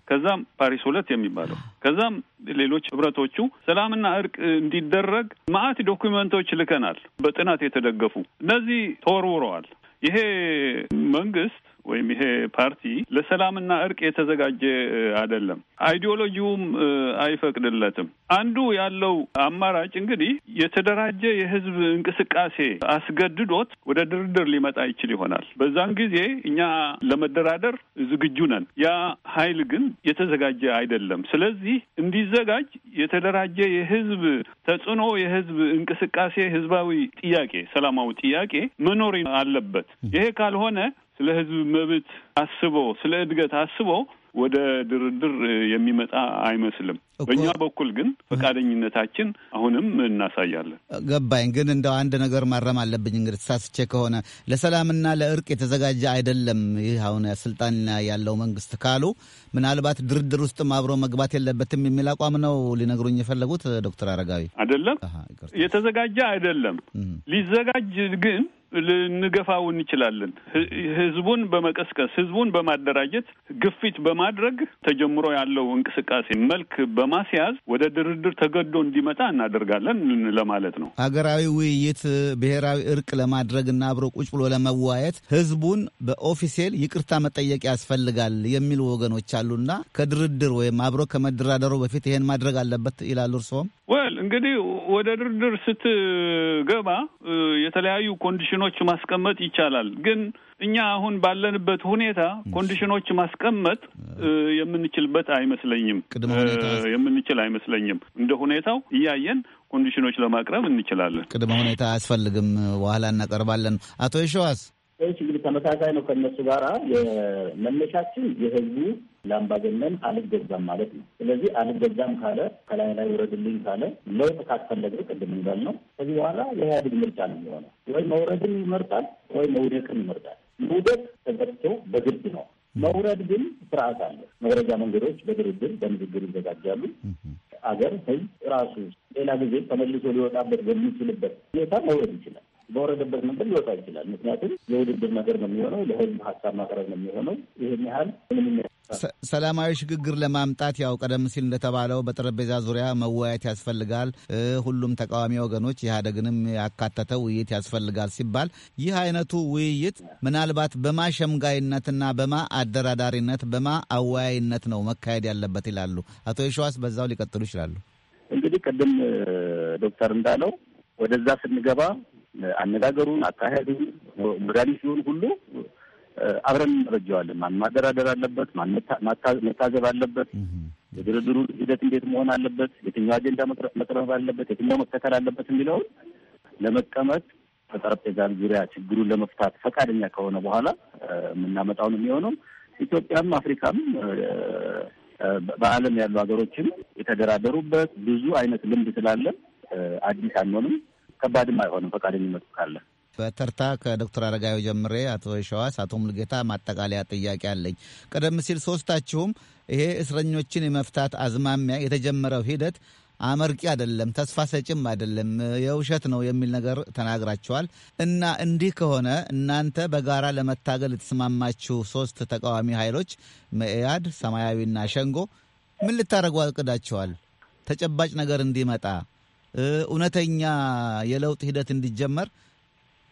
ከዛም ፓሪስ ሁለት የሚባለው ከዛም ሌሎች ህብረቶቹ ሰላምና እርቅ እንዲደረግ ማአት ዶክመንቶች ልከናል፣ በጥናት የተደገፉ እነዚህ ተወርውረዋል። ይሄ መንግስት ወይም ይሄ ፓርቲ ለሰላምና እርቅ የተዘጋጀ አይደለም። አይዲዮሎጂውም አይፈቅድለትም። አንዱ ያለው አማራጭ እንግዲህ የተደራጀ የህዝብ እንቅስቃሴ አስገድዶት ወደ ድርድር ሊመጣ ይችል ይሆናል። በዛን ጊዜ እኛ ለመደራደር ዝግጁ ነን። ያ ኃይል ግን የተዘጋጀ አይደለም። ስለዚህ እንዲዘጋጅ የተደራጀ የህዝብ ተጽዕኖ፣ የህዝብ እንቅስቃሴ፣ ህዝባዊ ጥያቄ፣ ሰላማዊ ጥያቄ መኖር አለበት። ይሄ ካልሆነ ስለ ህዝብ መብት አስቦ ስለ እድገት አስቦ ወደ ድርድር የሚመጣ አይመስልም። በእኛ በኩል ግን ፈቃደኝነታችን አሁንም እናሳያለን። ገባኝ። ግን እንደው አንድ ነገር ማረም አለብኝ እንግዲህ ተሳስቼ ከሆነ ለሰላምና ለእርቅ የተዘጋጀ አይደለም ይህ አሁን ስልጣን ያለው መንግስት ካሉ ምናልባት ድርድር ውስጥም አብሮ መግባት የለበትም የሚል አቋም ነው ሊነግሩኝ የፈለጉት ዶክተር አረጋዊ? አይደለም የተዘጋጀ አይደለም። ሊዘጋጅ ግን ልንገፋው እንችላለን። ህዝቡን በመቀስቀስ ህዝቡን በማደራጀት ግፊት በማድረግ ተጀምሮ ያለው እንቅስቃሴ መልክ በ በማስያዝ ወደ ድርድር ተገዶ እንዲመጣ እናደርጋለን ለማለት ነው። ሀገራዊ ውይይት፣ ብሔራዊ እርቅ ለማድረግ እና አብሮ ቁጭ ብሎ ለመወያየት ህዝቡን በኦፊሴል ይቅርታ መጠየቅ ያስፈልጋል የሚሉ ወገኖች አሉና ከድርድር ወይም አብሮ ከመደራደሩ በፊት ይሄን ማድረግ አለበት ይላሉ። እርስዎም ወል እንግዲህ ወደ ድርድር ስትገባ የተለያዩ ኮንዲሽኖች ማስቀመጥ ይቻላል ግን እኛ አሁን ባለንበት ሁኔታ ኮንዲሽኖች ማስቀመጥ የምንችልበት አይመስለኝም የምንችል አይመስለኝም። እንደ ሁኔታው እያየን ኮንዲሽኖች ለማቅረብ እንችላለን። ቅድመ ሁኔታ አያስፈልግም፣ በኋላ እናቀርባለን። አቶ ይሸዋስ እንግዲህ ተመሳሳይ ነው ከእነሱ ጋር የመነሻችን የህዝቡ ለአምባገነን አልገዛም ማለት ነው። ስለዚህ አልገዛም ካለ ከላይ ላይ ውረድልኝ ካለ ለውጥ ካስፈለገ ቅድም እንዳልነው ከዚህ በኋላ የኢህአዴግ ምርጫ ነው የሚሆነው። ወይ መውረድን ይመርጣል ወይ መውደቅን ይመርጣል። መውደድ ተዘርቶ በግድ ነው። መውረድ ግን ስርዓት አለ። መውረጃ መንገዶች በድርድር በንግግር ይዘጋጃሉ። አገር ህዝብ ራሱ ሌላ ጊዜ ተመልሶ ሊወጣበት በሚችልበት ሁኔታ መውረድ ይችላል። በወረደበት መንገድ ሊወጣ ይችላል። ምክንያቱም የውድድር ነገር ነው የሚሆነው፣ ለህዝብ ሀሳብ ማቅረብ ነው የሚሆነው። ይህን ያህል ምንም ሰላማዊ ሽግግር ለማምጣት ያው ቀደም ሲል እንደተባለው በጠረጴዛ ዙሪያ መወያየት ያስፈልጋል። ሁሉም ተቃዋሚ ወገኖች ኢህአዴግንም ያካተተ ውይይት ያስፈልጋል ሲባል ይህ አይነቱ ውይይት ምናልባት በማ ሸምጋይነትና በማ አደራዳሪነት፣ በማ አወያይነት ነው መካሄድ ያለበት ይላሉ አቶ የሸዋስ። በዛው ሊቀጥሉ ይችላሉ። እንግዲህ ቅድም ዶክተር እንዳለው ወደዛ ስንገባ አነጋገሩን፣ አካሄዱን፣ ሲሆን ሁሉ አብረን እንረጀዋለን። ማን ማደራደር አለበት፣ ማን መታዘብ አለበት፣ የድርድሩ ሂደት እንዴት መሆን አለበት፣ የትኛው አጀንዳ መቅረብ አለበት፣ የትኛው መከተል አለበት የሚለውን ለመቀመጥ በጠረጴዛ ዙሪያ ችግሩን ለመፍታት ፈቃደኛ ከሆነ በኋላ የምናመጣውን የሚሆነው ኢትዮጵያም አፍሪካም በዓለም ያሉ ሀገሮችም የተደራደሩበት ብዙ አይነት ልምድ ስላለን አዲስ አንሆንም። ከባድም አይሆንም ፈቃደኝነቱ ካለ። በተርታ ከዶክተር አረጋዊ ጀምሬ፣ አቶ ሸዋስ፣ አቶ ሙልጌታ ማጠቃለያ ጥያቄ አለኝ። ቀደም ሲል ሶስታችሁም ይሄ እስረኞችን የመፍታት አዝማሚያ የተጀመረው ሂደት አመርቂ አይደለም፣ ተስፋ ሰጭም አይደለም፣ የውሸት ነው የሚል ነገር ተናግራችኋል። እና እንዲህ ከሆነ እናንተ በጋራ ለመታገል የተስማማችሁ ሶስት ተቃዋሚ ኃይሎች መኢአድ፣ ሰማያዊና ሸንጎ ምን ልታደርጉ አቅዳችኋል? ተጨባጭ ነገር እንዲመጣ እውነተኛ የለውጥ ሂደት እንዲጀመር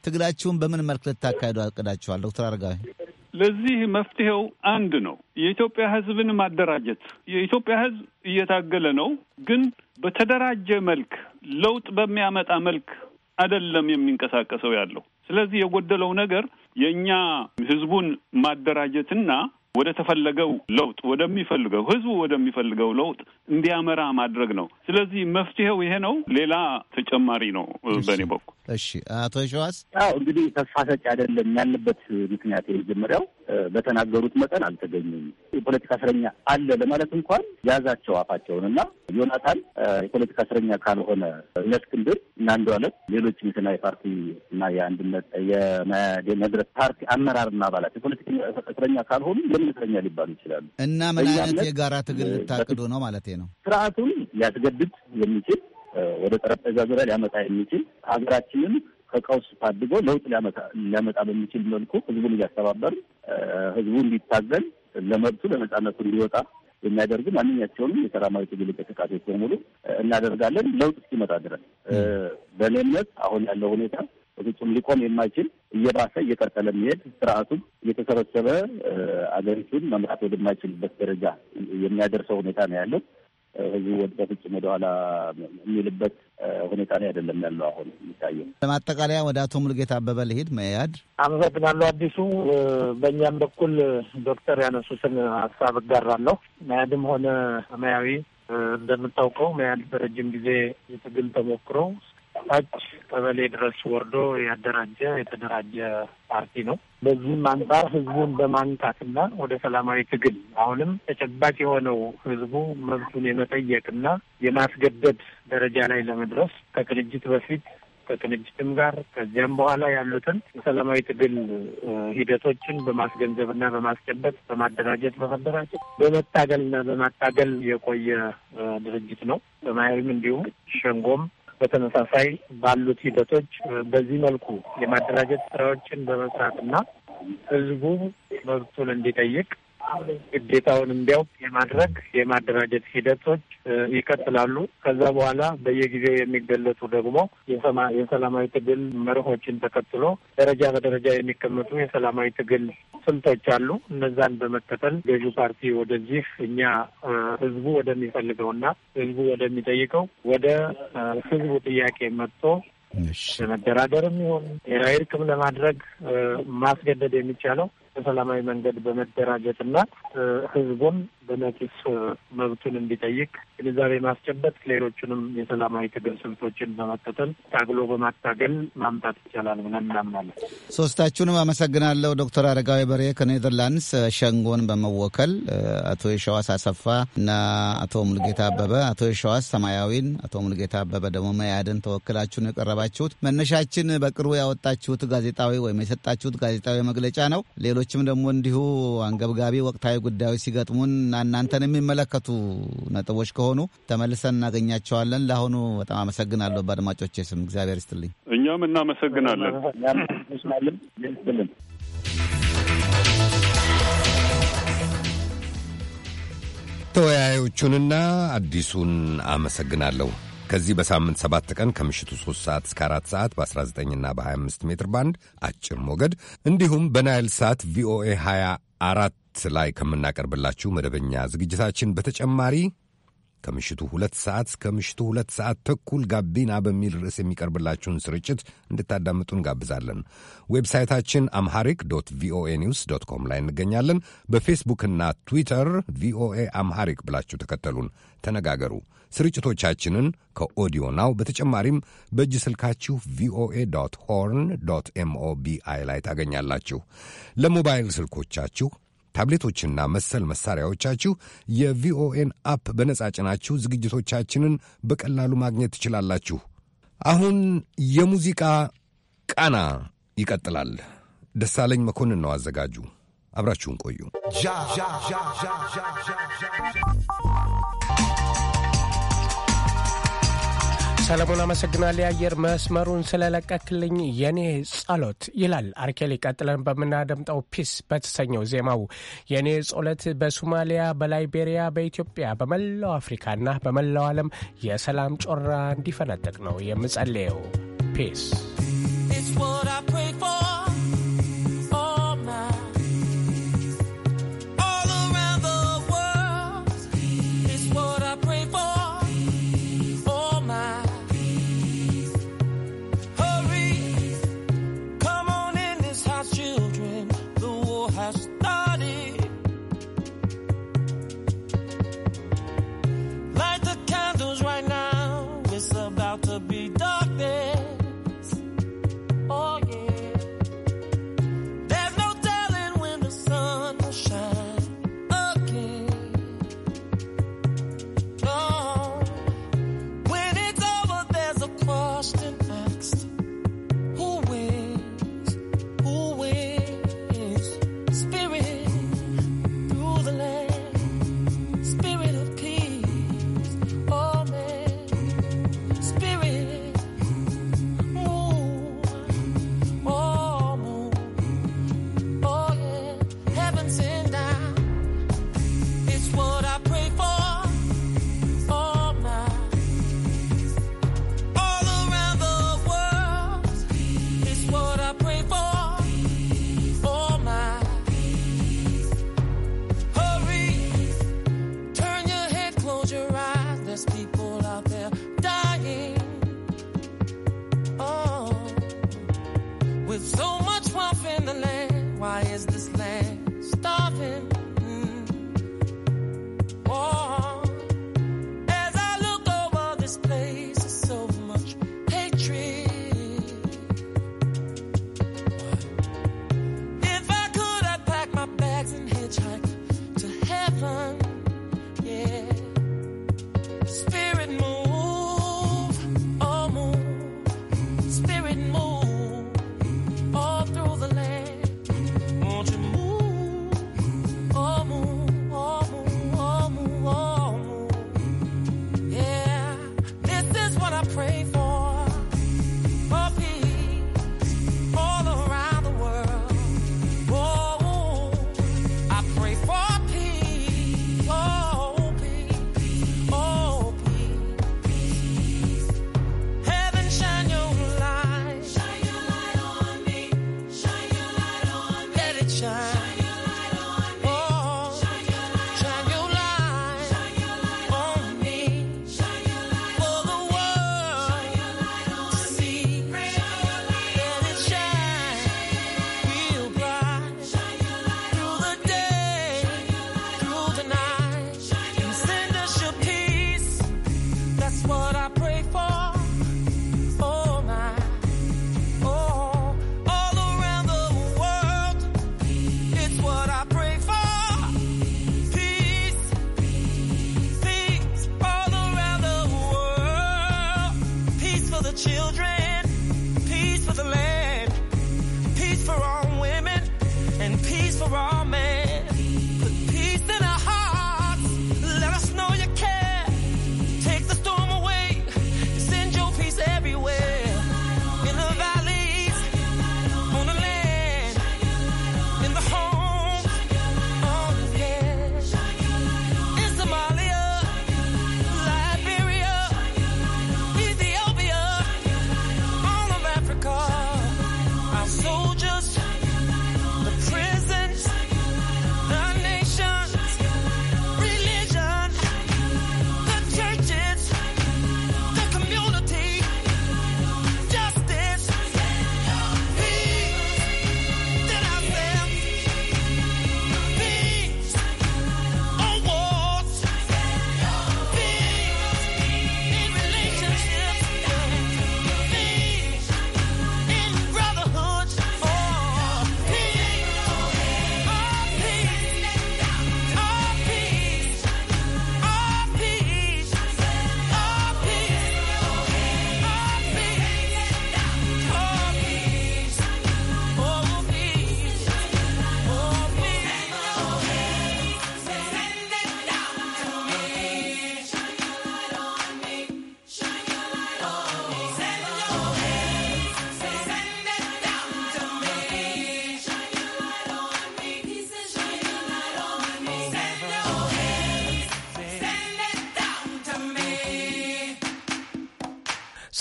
ትግላችሁን በምን መልክ ልታካሂዱ አቅዳችኋል? ዶክተር አረጋዊ ለዚህ መፍትሄው አንድ ነው። የኢትዮጵያ ሕዝብን ማደራጀት። የኢትዮጵያ ሕዝብ እየታገለ ነው፣ ግን በተደራጀ መልክ ለውጥ በሚያመጣ መልክ አይደለም የሚንቀሳቀሰው ያለው። ስለዚህ የጎደለው ነገር የእኛ ሕዝቡን ማደራጀትና ወደ ተፈለገው ለውጥ ወደሚፈልገው ህዝቡ ወደሚፈልገው ለውጥ እንዲያመራ ማድረግ ነው። ስለዚህ መፍትሄው ይሄ ነው፣ ሌላ ተጨማሪ ነው በእኔ በኩል። እሺ አቶ ሸዋስ፣ እንግዲህ ተስፋ ሰጪ አይደለም ያለበት ምክንያት የመጀመሪያው በተናገሩት መጠን አልተገኙም። የፖለቲካ እስረኛ አለ ለማለት እንኳን ያዛቸው አፋቸውን እና ዮናታን የፖለቲካ እስረኛ ካልሆነ እነ እስክንድር እና አንዷለም ሌሎችም የሰማያዊ ፓርቲ እና የአንድነት የመድረክ ፓርቲ አመራርና አባላት የፖለቲካ እስረኛ ካልሆኑ ለምን እስረኛ ሊባሉ ይችላሉ? እና ምን አይነት የጋራ ትግል ልታቅዱ ነው ማለት ነው? ስርዓቱን ሊያስገድድ የሚችል ወደ ጠረጴዛ ዙሪያ ሊያመጣ የሚችል ሀገራችንን ከቀውስ ታድጎ ለውጥ ሊያመጣ በሚችል መልኩ ህዝቡን እያስተባበር ህዝቡ እንዲታገል ለመብቱ ለነጻነቱ እንዲወጣ የሚያደርጉ ማንኛቸውንም የሰላማዊ ትግል እንቅስቃሴዎች በሙሉ እናደርጋለን ለውጥ እስኪመጣ ድረስ። በእኔ እምነት አሁን ያለው ሁኔታ በፍጹም ሊቆም የማይችል እየባሰ እየቀጠለ የሚሄድ ስርዓቱም እየተሰበሰበ አገሪቱን መምራት ወደማይችልበት ደረጃ የሚያደርሰው ሁኔታ ነው ያለው። ህዝቡ በፍጹም ወደኋላ የሚልበት ሁኔታ ላይ አይደለም ያለው አሁን የሚታየው። ለማጠቃለያ ወደ አቶ ሙልጌታ አበበ ልሂድ። መያድ አመሰግናለሁ። አዲሱ በእኛም በኩል ዶክተር ያነሱትን ሀሳብ እጋራለሁ። መያድም ሆነ ሰማያዊ እንደምታውቀው መያድ በረጅም ጊዜ የትግል ተሞክሮ ታች ቀበሌ ድረስ ወርዶ ያደራጀ የተደራጀ ፓርቲ ነው። በዚህም አንጻር ህዝቡን በማንቃትና ወደ ሰላማዊ ትግል አሁንም ተጨባጭ የሆነው ህዝቡ መብቱን የመጠየቅና የማስገደድ ደረጃ ላይ ለመድረስ ከቅንጅት በፊት ከቅንጅትም ጋር ከዚያም በኋላ ያሉትን የሰላማዊ ትግል ሂደቶችን በማስገንዘብና በማስጨበጥ በማደራጀት በመደራጀት በመታገልና በማታገል የቆየ ድርጅት ነው። ሰማያዊም እንዲሁም ሸንጎም በተመሳሳይ ባሉት ሂደቶች በዚህ መልኩ የማደራጀት ስራዎችን በመስራትና ህዝቡ መብቱን እንዲጠይቅ ግዴታውን እንዲያውቅ የማድረግ የማደራጀት ሂደቶች ይቀጥላሉ። ከዛ በኋላ በየጊዜው የሚገለጡ ደግሞ የሰላማዊ ትግል መርሆችን ተከትሎ ደረጃ በደረጃ የሚቀመጡ የሰላማዊ ትግል ስልቶች አሉ። እነዛን በመከተል ገዢ ፓርቲ ወደዚህ እኛ ህዝቡ ወደሚፈልገውና ህዝቡ ወደሚጠይቀው ወደ ህዝቡ ጥያቄ መጥቶ ለመደራደርም ይሁን ብሔራዊ እርቅም ለማድረግ ማስገደድ የሚቻለው በሰላማዊ መንገድ በመደራጀትና ህዝቡን በነቂስ መብቱን እንዲጠይቅ ግንዛቤ ማስጨበጥ፣ ሌሎቹንም የሰላማዊ ትግል ስልቶችን በመከተል ታግሎ በማታገል ማምጣት ይቻላል ብለን እናምናለን። ሶስታችሁንም አመሰግናለሁ። ዶክተር አረጋዊ በሬ ከኔዘርላንድስ ሸንጎን በመወከል አቶ የሸዋስ አሰፋ እና አቶ ሙልጌታ አበበ፣ አቶ የሸዋስ ሰማያዊን፣ አቶ ሙልጌታ አበበ ደግሞ መያድን ተወክላችሁን የቀረባችሁት መነሻችን በቅርቡ ያወጣችሁት ጋዜጣዊ ወይም የሰጣችሁት ጋዜጣዊ መግለጫ ነው። ሌሎ ሌሎችም ደግሞ እንዲሁ አንገብጋቢ ወቅታዊ ጉዳዮች ሲገጥሙን እናንተን የሚመለከቱ ነጥቦች ከሆኑ ተመልሰን እናገኛቸዋለን። ለአሁኑ በጣም አመሰግናለሁ። በአድማጮች ስም እግዚአብሔር ይስጥልኝ። እኛም እናመሰግናለን። ተወያዮቹንና አዲሱን አመሰግናለሁ። ከዚህ በሳምንት ሰባት ቀን ከምሽቱ 3 ሰዓት እስከ 4 ሰዓት በ19 እና በ25 ሜትር ባንድ አጭር ሞገድ እንዲሁም በናይል ሳት ቪኦኤ 24 ላይ ከምናቀርብላችሁ መደበኛ ዝግጅታችን በተጨማሪ ከምሽቱ ሁለት ሰዓት እስከ ምሽቱ ሁለት ሰዓት ተኩል ጋቢና በሚል ርዕስ የሚቀርብላችሁን ስርጭት እንድታዳምጡ እንጋብዛለን። ዌብሳይታችን አምሐሪክ ዶት ቪኦኤ ኒውስ ዶት ኮም ላይ እንገኛለን። በፌስቡክና ትዊተር ቪኦኤ አምሐሪክ ብላችሁ ተከተሉን፣ ተነጋገሩ። ስርጭቶቻችንን ከኦዲዮ ናው በተጨማሪም በእጅ ስልካችሁ ቪኦኤ ዶት ሆርን ዶት ኤምኦቢአይ ላይ ታገኛላችሁ። ለሞባይል ስልኮቻችሁ ታብሌቶችና መሰል መሳሪያዎቻችሁ የቪኦኤን አፕ በነጻ ጭናችሁ ዝግጅቶቻችንን በቀላሉ ማግኘት ትችላላችሁ። አሁን የሙዚቃ ቃና ይቀጥላል። ደሳለኝ መኮንን ነው አዘጋጁ። አብራችሁን ቆዩ። ሰለሞን አመሰግናል። የአየር መስመሩን ስለለቀክልኝ የኔ ጸሎት ይላል አርኬሊ። ቀጥለን በምናደምጠው ፒስ በተሰኘው ዜማው የኔ ጸሎት በሶማሊያ፣ በላይቤሪያ፣ በኢትዮጵያ፣ በመላው አፍሪካና በመላው ዓለም የሰላም ጮራ እንዲፈነጥቅ ነው የምጸልየው። ፒስ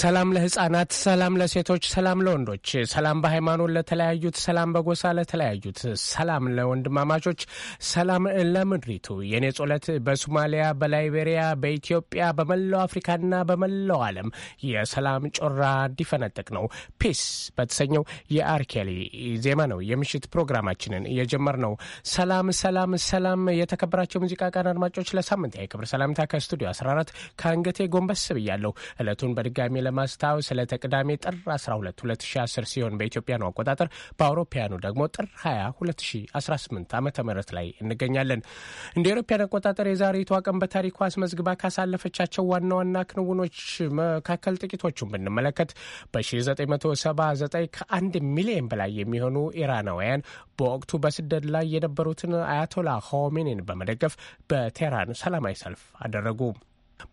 ሰላም ለህጻናት፣ ሰላም ለሴቶች፣ ሰላም ለወንዶች፣ ሰላም በሃይማኖት ለተለያዩት፣ ሰላም በጎሳ ለተለያዩት፣ ሰላም ለወንድማማቾች፣ ሰላም ለምድሪቱ። የኔ ጸሎት በሶማሊያ፣ በላይቤሪያ፣ በኢትዮጵያ፣ በመላው አፍሪካና በመላው ዓለም የሰላም ጮራ እንዲፈነጥቅ ነው። ፒስ በተሰኘው የአርኬሊ ዜማ ነው የምሽት ፕሮግራማችንን የጀመርነው። ሰላም ሰላም ሰላም። የተከበራቸው ሙዚቃ ቀን አድማጮች፣ ለሳምንት የክብር ሰላምታ ከስቱዲዮ 14 ከአንገቴ ጎንበስ ብያለሁ። እለቱን በድጋሚ ለማስታወስ ስለተቅዳሜ ጥር 12 2010 ሲሆን በኢትዮጵያኑ አቆጣጠር በአውሮፓያኑ ደግሞ ጥር 20 2018 ዓ ምት ላይ እንገኛለን። እንደ አውሮፓውያን አቆጣጠር የዛሬቷ ቀን በታሪኩ አስመዝግባ ካሳለፈቻቸው ዋና ዋና ክንውኖች መካከል ጥቂቶቹን ብንመለከት በ1979 ከአንድ ሚሊዮን በላይ የሚሆኑ ኢራናውያን በወቅቱ በስደት ላይ የነበሩትን አያቶላ ሆሜኒን በመደገፍ በቴህራን ሰላማዊ ሰልፍ አደረጉ።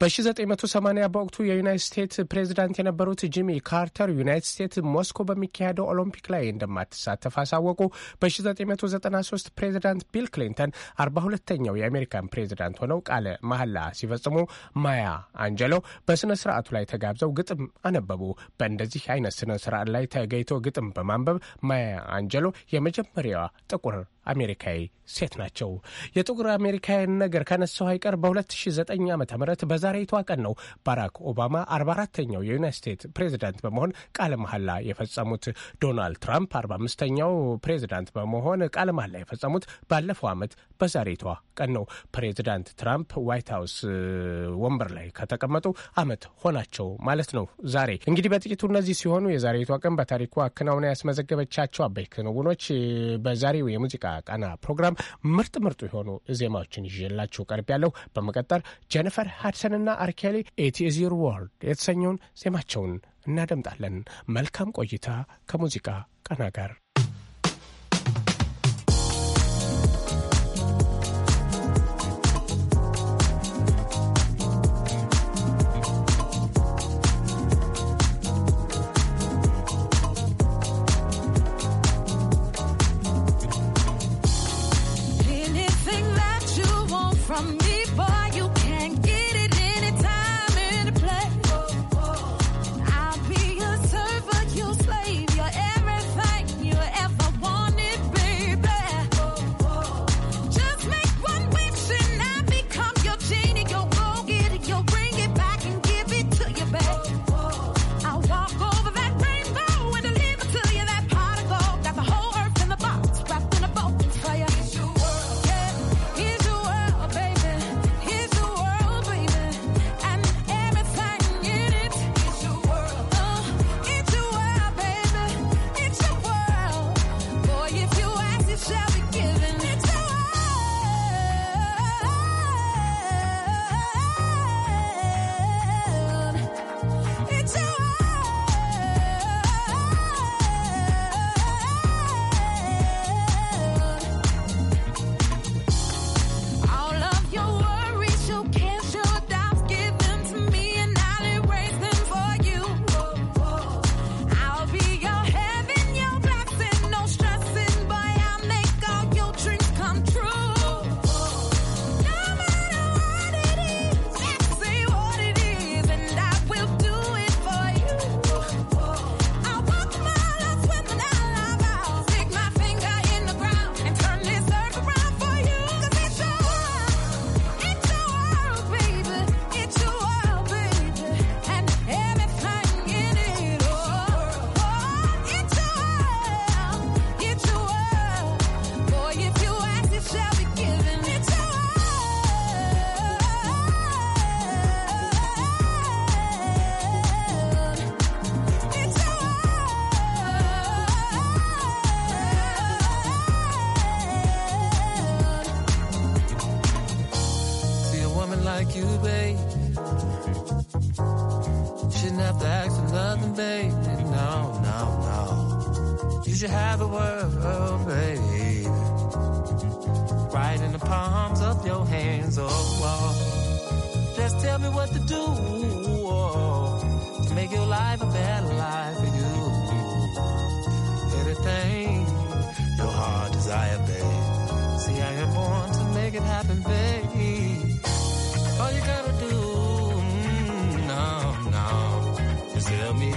በ1980 በወቅቱ የዩናይት ስቴትስ ፕሬዚዳንት የነበሩት ጂሚ ካርተር ዩናይት ስቴትስ ሞስኮ በሚካሄደው ኦሎምፒክ ላይ እንደማትሳተፍ አሳወቁ። በ1993 ፕሬዚዳንት ቢል ክሊንተን 42ተኛው የአሜሪካን ፕሬዚዳንት ሆነው ቃለ መሐላ ሲፈጽሙ ማያ አንጀሎ በሥነ ስርዓቱ ላይ ተጋብዘው ግጥም አነበቡ። በእንደዚህ አይነት ስነ ስርዓት ላይ ተገኝቶ ግጥም በማንበብ ማያ አንጀሎ የመጀመሪያዋ ጥቁር አሜሪካዊ ሴት ናቸው። የጥቁር አሜሪካውያን ነገር ከነሳው አይቀር በ2009 ዓ ም በዛሬቷ ቀን ነው ባራክ ኦባማ 44ተኛው የዩናይት ስቴትስ ፕሬዚዳንት በመሆን ቃለ መሐላ የፈጸሙት። ዶናልድ ትራምፕ 45ተኛው ፕሬዚዳንት በመሆን ቃለ መሐላ የፈጸሙት ባለፈው ዓመት በዛሬቷ ቀን ነው። ፕሬዚዳንት ትራምፕ ዋይት ሀውስ ወንበር ላይ ከተቀመጡ ዓመት ሆናቸው ማለት ነው ዛሬ። እንግዲህ በጥቂቱ እነዚህ ሲሆኑ የዛሬቷ ቀን በታሪኩ አከናውና ያስመዘገበቻቸው አበይ ክንውኖች በዛሬው የሙዚቃ ቀና ፕሮግራም ምርጥ ምርጡ የሆኑ ዜማዎችን ይዤላችሁ ያለው በመቀጠል ጀኒፈር ሃድሰንና አርኬሊ ኤቲዚር ወርልድ የተሰኘውን ዜማቸውን እናደምጣለን። መልካም ቆይታ ከሙዚቃ ቀና ጋር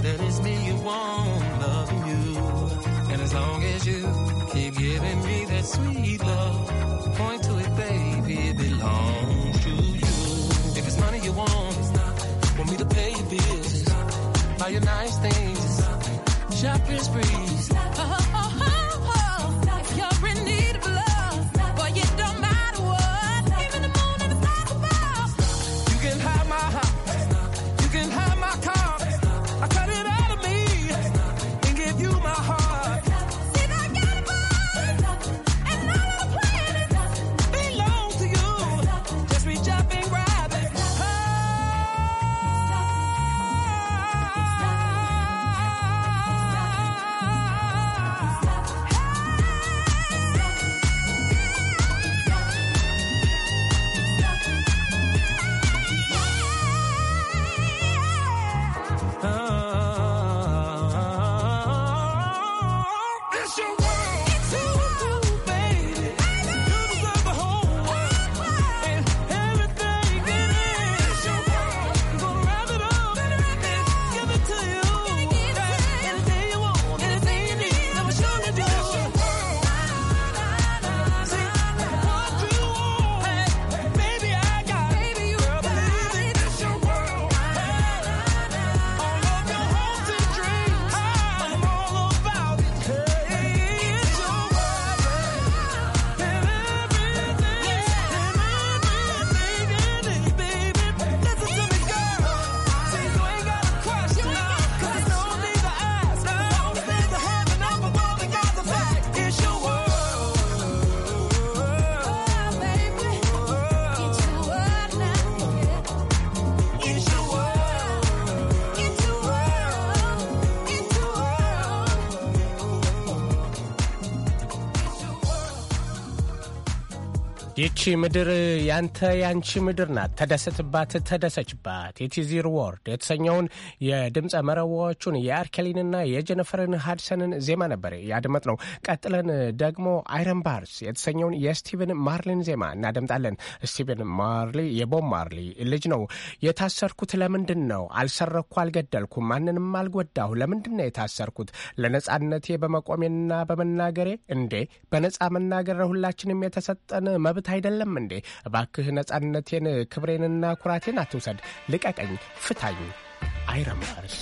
that it's me you want, loving you. And as long as you keep giving me that sweet love, point to it, baby, it belongs to you. If it's money you want, want me to pay your bills, buy your nice things, shopping sprees. Uh-huh. ይቺ ምድር ያንተ ያንቺ ምድር ናት፣ ተደሰትባት፣ ተደሰችባት። የቲዚር ወርድ የተሰኘውን የድምፀ መረቦቹን የአርኬሊንና የጀነፈርን ሃድሰንን ዜማ ነበር ያድመጥ ነው። ቀጥለን ደግሞ አይረን ባርስ የተሰኘውን የስቲቨን ማርሊን ዜማ እናደምጣለን። ስቲቨን ማርሊ የቦብ ማርሊ ልጅ ነው። የታሰርኩት ለምንድን ነው? አልሰረኩ፣ አልገደልኩም፣ ማንንም አልጎዳሁ። ለምንድን ነው የታሰርኩት? ለነጻነቴ በመቆሜና በመናገሬ። እንዴ በነጻ መናገር ሁላችንም የተሰጠን መብት አይደለም እንዴ? እባክህ ነጻነቴን፣ ክብሬንና ኩራቴን አትውሰድ፣ ልቀቀኝ፣ ፍታኝ። አይረምርስ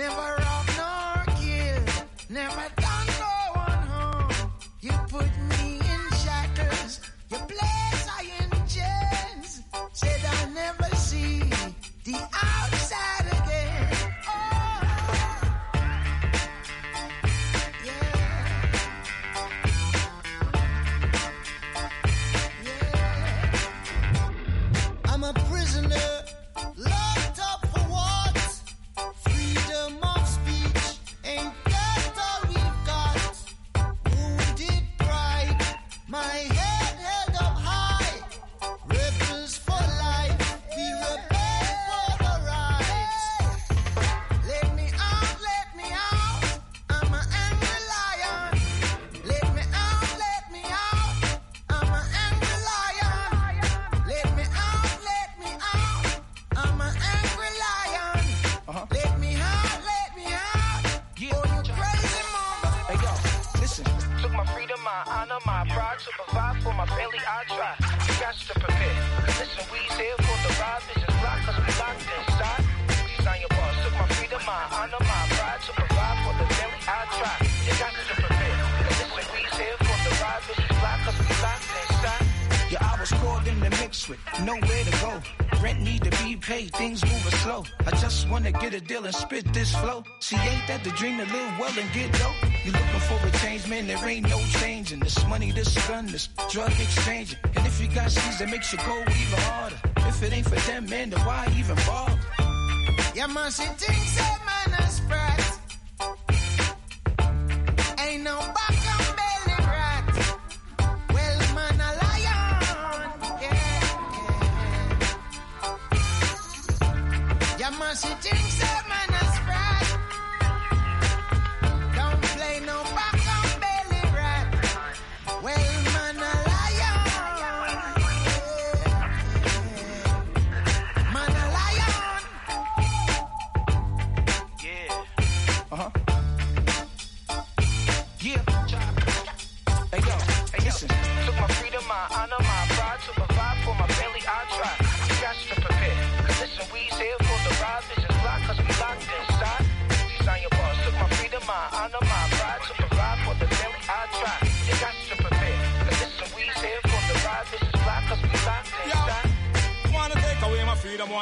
Never Never deal and spit this flow. See, ain't that the dream to live well and get dope? You looking for a change, man, there ain't no change in this money, this gun, this drug exchanging. And if you got seeds that makes you go even harder, if it ain't for them, man, then why even bother? Yeah, man, she thinks that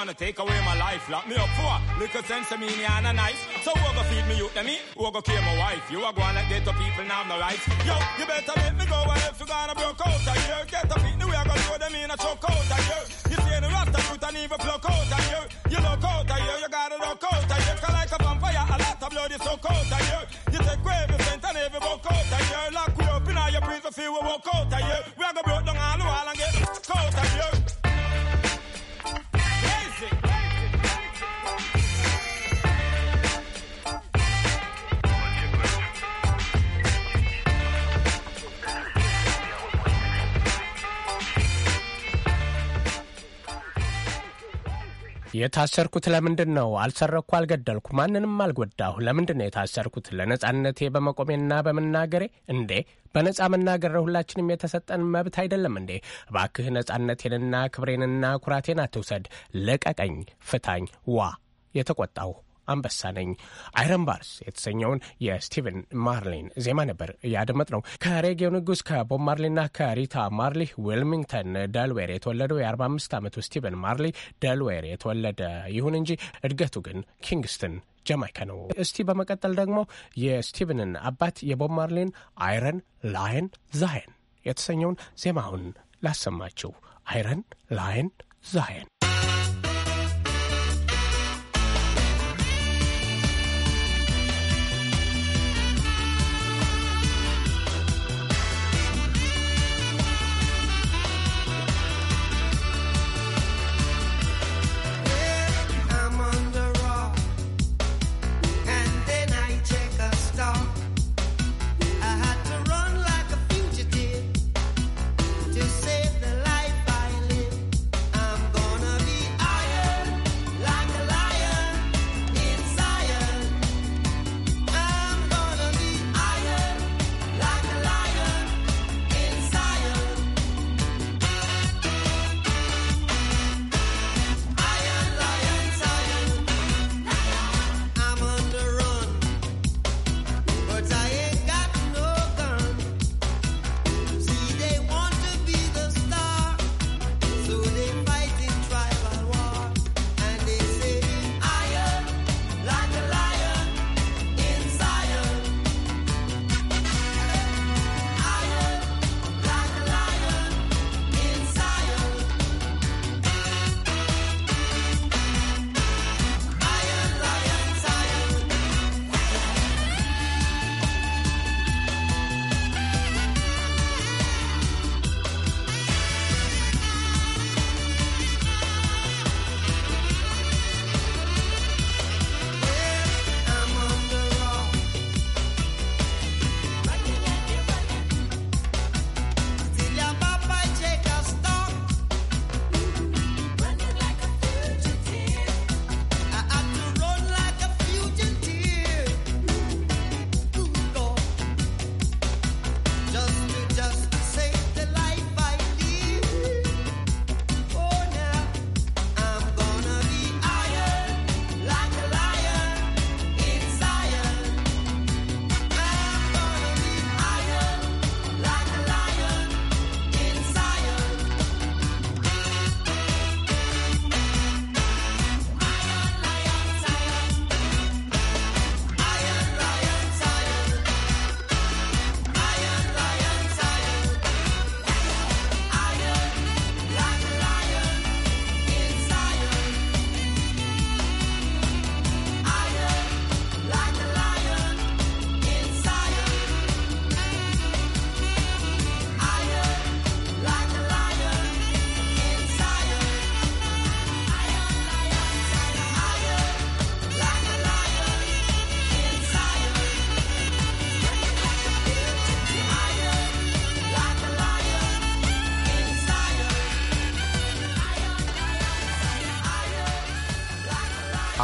wanna take away my life. Lock me up for little sense of meaning and a knife. So who go feed me you to me? Who go kill my wife? You are gonna get the people now no rights. Yo, you better let me go or else you gonna broke out of here. Get the feet the way I to throw them in a choke out of here. You see the rasta root and even flock out of here. You look out of here, you gotta look out of here. Cause like a vampire, a lot of blood is so cold of here. You take grave, you sent and every walk out of here. Lock me up in all your breathe, we feel we walk out of here. We are gonna break down all the wall and get cold of here. የታሰርኩት ለምንድን ነው? አልሰረኩ፣ አልገደልኩ፣ ማንንም አልጎዳሁ። ለምንድን ነው የታሰርኩት? ለነጻነቴ በመቆሜና በመናገሬ። እንዴ በነጻ መናገር ሁላችንም የተሰጠን መብት አይደለም እንዴ? እባክህ ነጻነቴንና ክብሬንና ኩራቴን አትውሰድ። ልቀቀኝ፣ ፍታኝ። ዋ የተቆጣሁ አንበሳ ነኝ አይረን ባርስ የተሰኘውን የስቲቨን ማርሊን ዜማ ነበር ነው ከሬጌው ንጉስ ከቦብ ማርሊና ከሪታ ማርሊ ዊልሚንግተን ደልዌር የተወለደው የ45 ዓመቱ ስቲቨን ማርሊ ደልዌር የተወለደ ይሁን እንጂ እድገቱ ግን ኪንግስትን ጀማይካ ነው። እስቲ በመቀጠል ደግሞ የስቲቨንን አባት የቦብ ማርሊን አይረን ላየን ዛየን የተሰኘውን ዜማውን ላሰማችሁ። አይረን ላየን ዛየን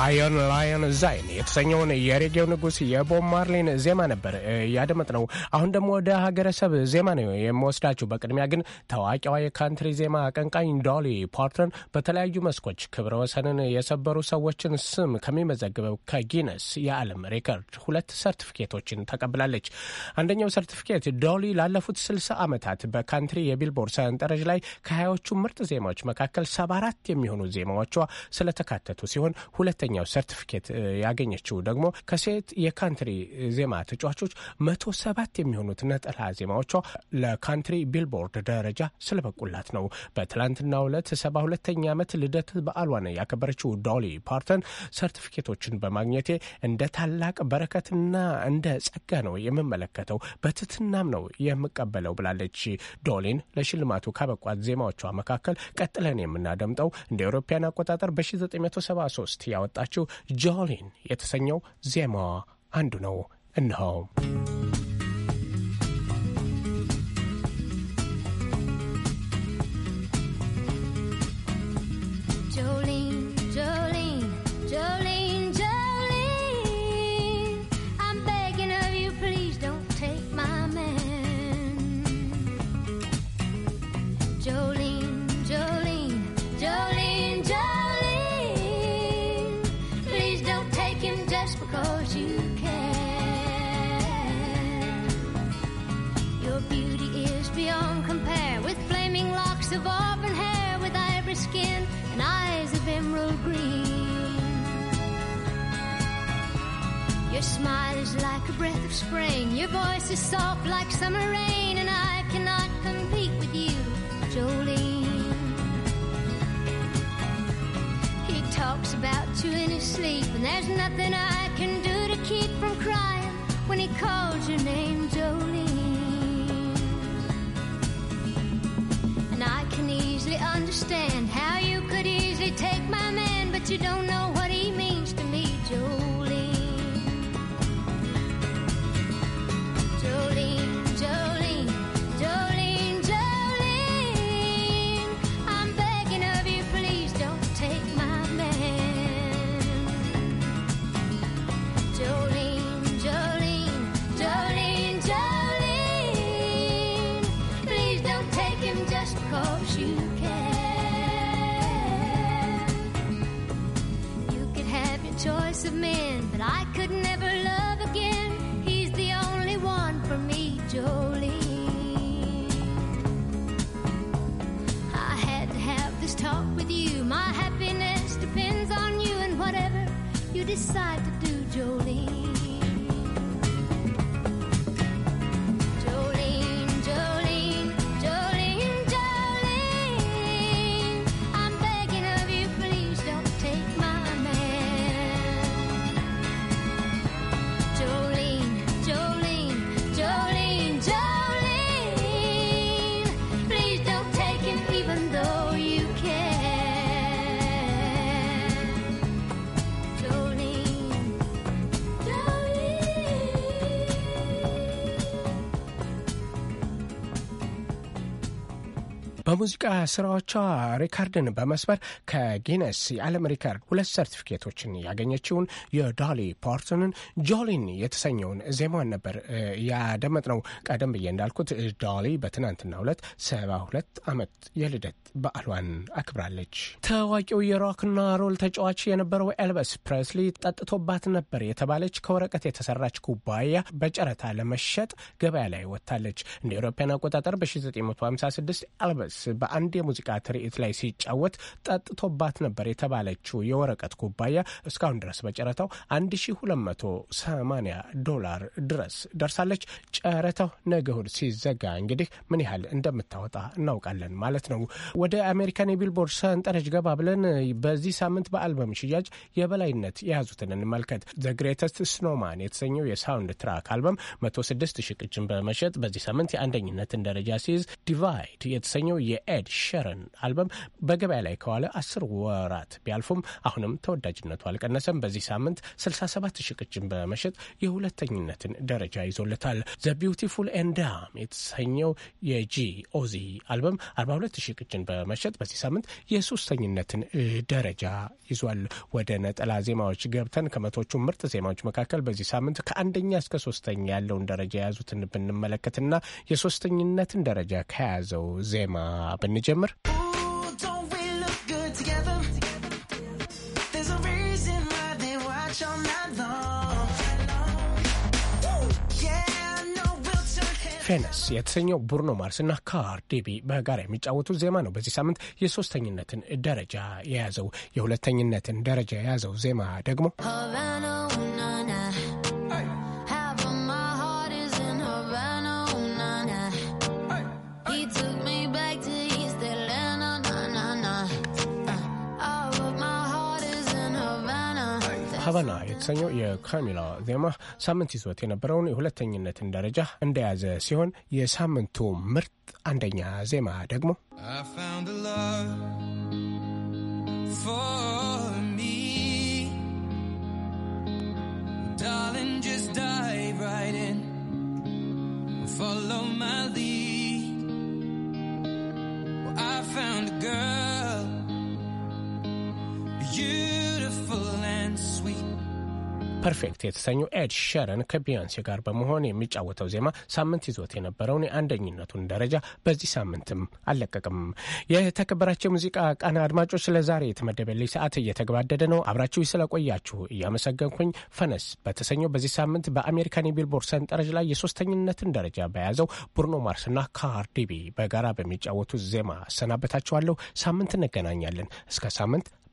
አየር ላየን ዛይን የተሰኘውን የሬጌው ንጉስ የቦብ ማርሊን ዜማ ነበር እያደመጥ ነው። አሁን ደግሞ ወደ ሀገረሰብ ዜማ ነው የምወስዳችሁ። በቅድሚያ ግን ታዋቂዋ የካንትሪ ዜማ አቀንቃኝ ዶሊ ፓርተን በተለያዩ መስኮች ክብረ ወሰንን የሰበሩ ሰዎችን ስም ከሚመዘግበው ከጊነስ የዓለም ሬከርድ ሁለት ሰርቲፊኬቶችን ተቀብላለች። አንደኛው ሰርቲፊኬት ዶሊ ላለፉት ስልሳ ዓመታት በካንትሪ የቢልቦርድ ሰንጠረዥ ላይ ከሀያዎቹ ምርጥ ዜማዎች መካከል ሰባ አራት የሚሆኑ ዜማዎቿ ስለተካተቱ ሲሆን ሁለተኛ ሁለተኛው ሰርቲፊኬት ያገኘችው ደግሞ ከሴት የካንትሪ ዜማ ተጫዋቾች መቶ ሰባት የሚሆኑት ነጠላ ዜማዎቿ ለካንትሪ ቢልቦርድ ደረጃ ስለበቁላት ነው። በትላንትናው ዕለት ሰባ ሁለተኛ ዓመት ልደት በዓሏን ያከበረችው ዶሊ ፓርተን ሰርቲፊኬቶችን በማግኘቴ እንደ ታላቅ በረከትና እንደ ጸጋ ነው የምመለከተው፣ በትትናም ነው የምቀበለው ብላለች። ዶሊን ለሽልማቱ ካበቋት ዜማዎቿ መካከል ቀጥለን የምናደምጠው እንደ አውሮፓውያን አቆጣጠር በ1973 ያወጣ ከነበረችው ጆሊን የተሰኘው ዜማዋ አንዱ ነው። እነሆ cause you care. Your beauty is beyond compare with flaming locks of auburn hair, with ivory skin and eyes of emerald green. Your smile is like a breath of spring, your voice is soft like summer rain, and I cannot compete with you, Jolene. about you in his sleep, and there's nothing I can do to keep from crying when he calls your name, Jolene. And I can easily understand how you could easily take my man, but you don't of men, but I could never በሙዚቃ ስራዎቿ ሪካርድን በመስበር ከጊነስ የዓለም ሪካርድ ሁለት ሰርቲፊኬቶችን ያገኘችውን የዶሊ ፓርቶንን ጆሊን የተሰኘውን ዜማዋን ነበር ያደመጥነው። ቀደም ብዬ እንዳልኩት ዶሊ በትናንትና ሁለት ሰባ ሁለት ዓመት የልደት በዓሏን አክብራለች። ታዋቂው የሮክና ሮል ተጫዋች የነበረው ኤልበስ ፕሬስሊ ጠጥቶባት ነበር የተባለች ከወረቀት የተሰራች ኩባያ በጨረታ ለመሸጥ ገበያ ላይ ወጥታለች። እንደ አውሮፓውያን አቆጣጠር በ1956 ኤልበስ በአንድ የሙዚቃ ትርኢት ላይ ሲጫወት ጠጥቶባት ነበር የተባለችው የወረቀት ኩባያ እስካሁን ድረስ በጨረታው 1280 ዶላር ድረስ ደርሳለች። ጨረታው ነገ እሁድ ሲዘጋ እንግዲህ ምን ያህል እንደምታወጣ እናውቃለን ማለት ነው። ወደ አሜሪካን የቢልቦርድ ሰንጠረዥ ገባ ብለን በዚህ ሳምንት በአልበም ሽያጭ የበላይነት የያዙትን እንመልከት። ዘ ግሬተስት ስኖማን የተሰኘው የሳውንድ ትራክ አልበም 106 ሺህ ቅጅን በመሸጥ በዚህ ሳምንት የአንደኝነትን ደረጃ ሲይዝ ዲቫይድ የተሰኘው የ የኤድ ሸረን አልበም በገበያ ላይ ከዋለ አስር ወራት ቢያልፉም አሁንም ተወዳጅነቱ አልቀነሰም። በዚህ ሳምንት 67 ት ቅጅን በመሸጥ የሁለተኝነትን ደረጃ ይዞለታል። ዘ ቢውቲፉል ኤንዳም የተሰኘው የጂ ኦዚ አልበም 42 ሺህ ቅጅን በመሸጥ በዚህ ሳምንት የሶስተኝነትን ደረጃ ይዟል። ወደ ነጠላ ዜማዎች ገብተን ከመቶቹ ምርጥ ዜማዎች መካከል በዚህ ሳምንት ከአንደኛ እስከ ሶስተኛ ያለውን ደረጃ የያዙትን ብንመለከትና የሶስተኝነትን ደረጃ ከያዘው ዜማ ብንጀምር ፌነስ የተሰኘው ቡርኖ ማርስ እና ካርዲቢ በጋራ የሚጫወቱት ዜማ ነው። በዚህ ሳምንት የሶስተኝነትን ደረጃ የያዘው የሁለተኝነትን ደረጃ የያዘው ዜማ ደግሞ ሀቫና የተሰኘው የካሚላ ዜማ ሳምንት ይዞት የነበረውን የሁለተኝነትን ደረጃ እንደያዘ ሲሆን የሳምንቱ ምርጥ አንደኛ ዜማ ደግሞ I found a girl. ፐርፌክት የተሰኘው ኤድ ሸረን ከቢያንሴ ጋር በመሆን የሚጫወተው ዜማ ሳምንት ይዞት የነበረውን የአንደኝነቱን ደረጃ በዚህ ሳምንትም አልለቀቅም። የተከበራቸው የሙዚቃ ቃና አድማጮች ለዛሬ የተመደበልኝ ሰዓት እየተገባደደ ነው። አብራችሁ ስለቆያችሁ እያመሰገንኩኝ ፈነስ በተሰኘው በዚህ ሳምንት በአሜሪካን የቢልቦርድ ሰንጠረዥ ላይ የሶስተኝነትን ደረጃ በያዘው ቡርኖ ማርስና ካርዲቢ በጋራ በሚጫወቱ ዜማ አሰናበታችኋለሁ። ሳምንት እንገናኛለን። እስከ ሳምንት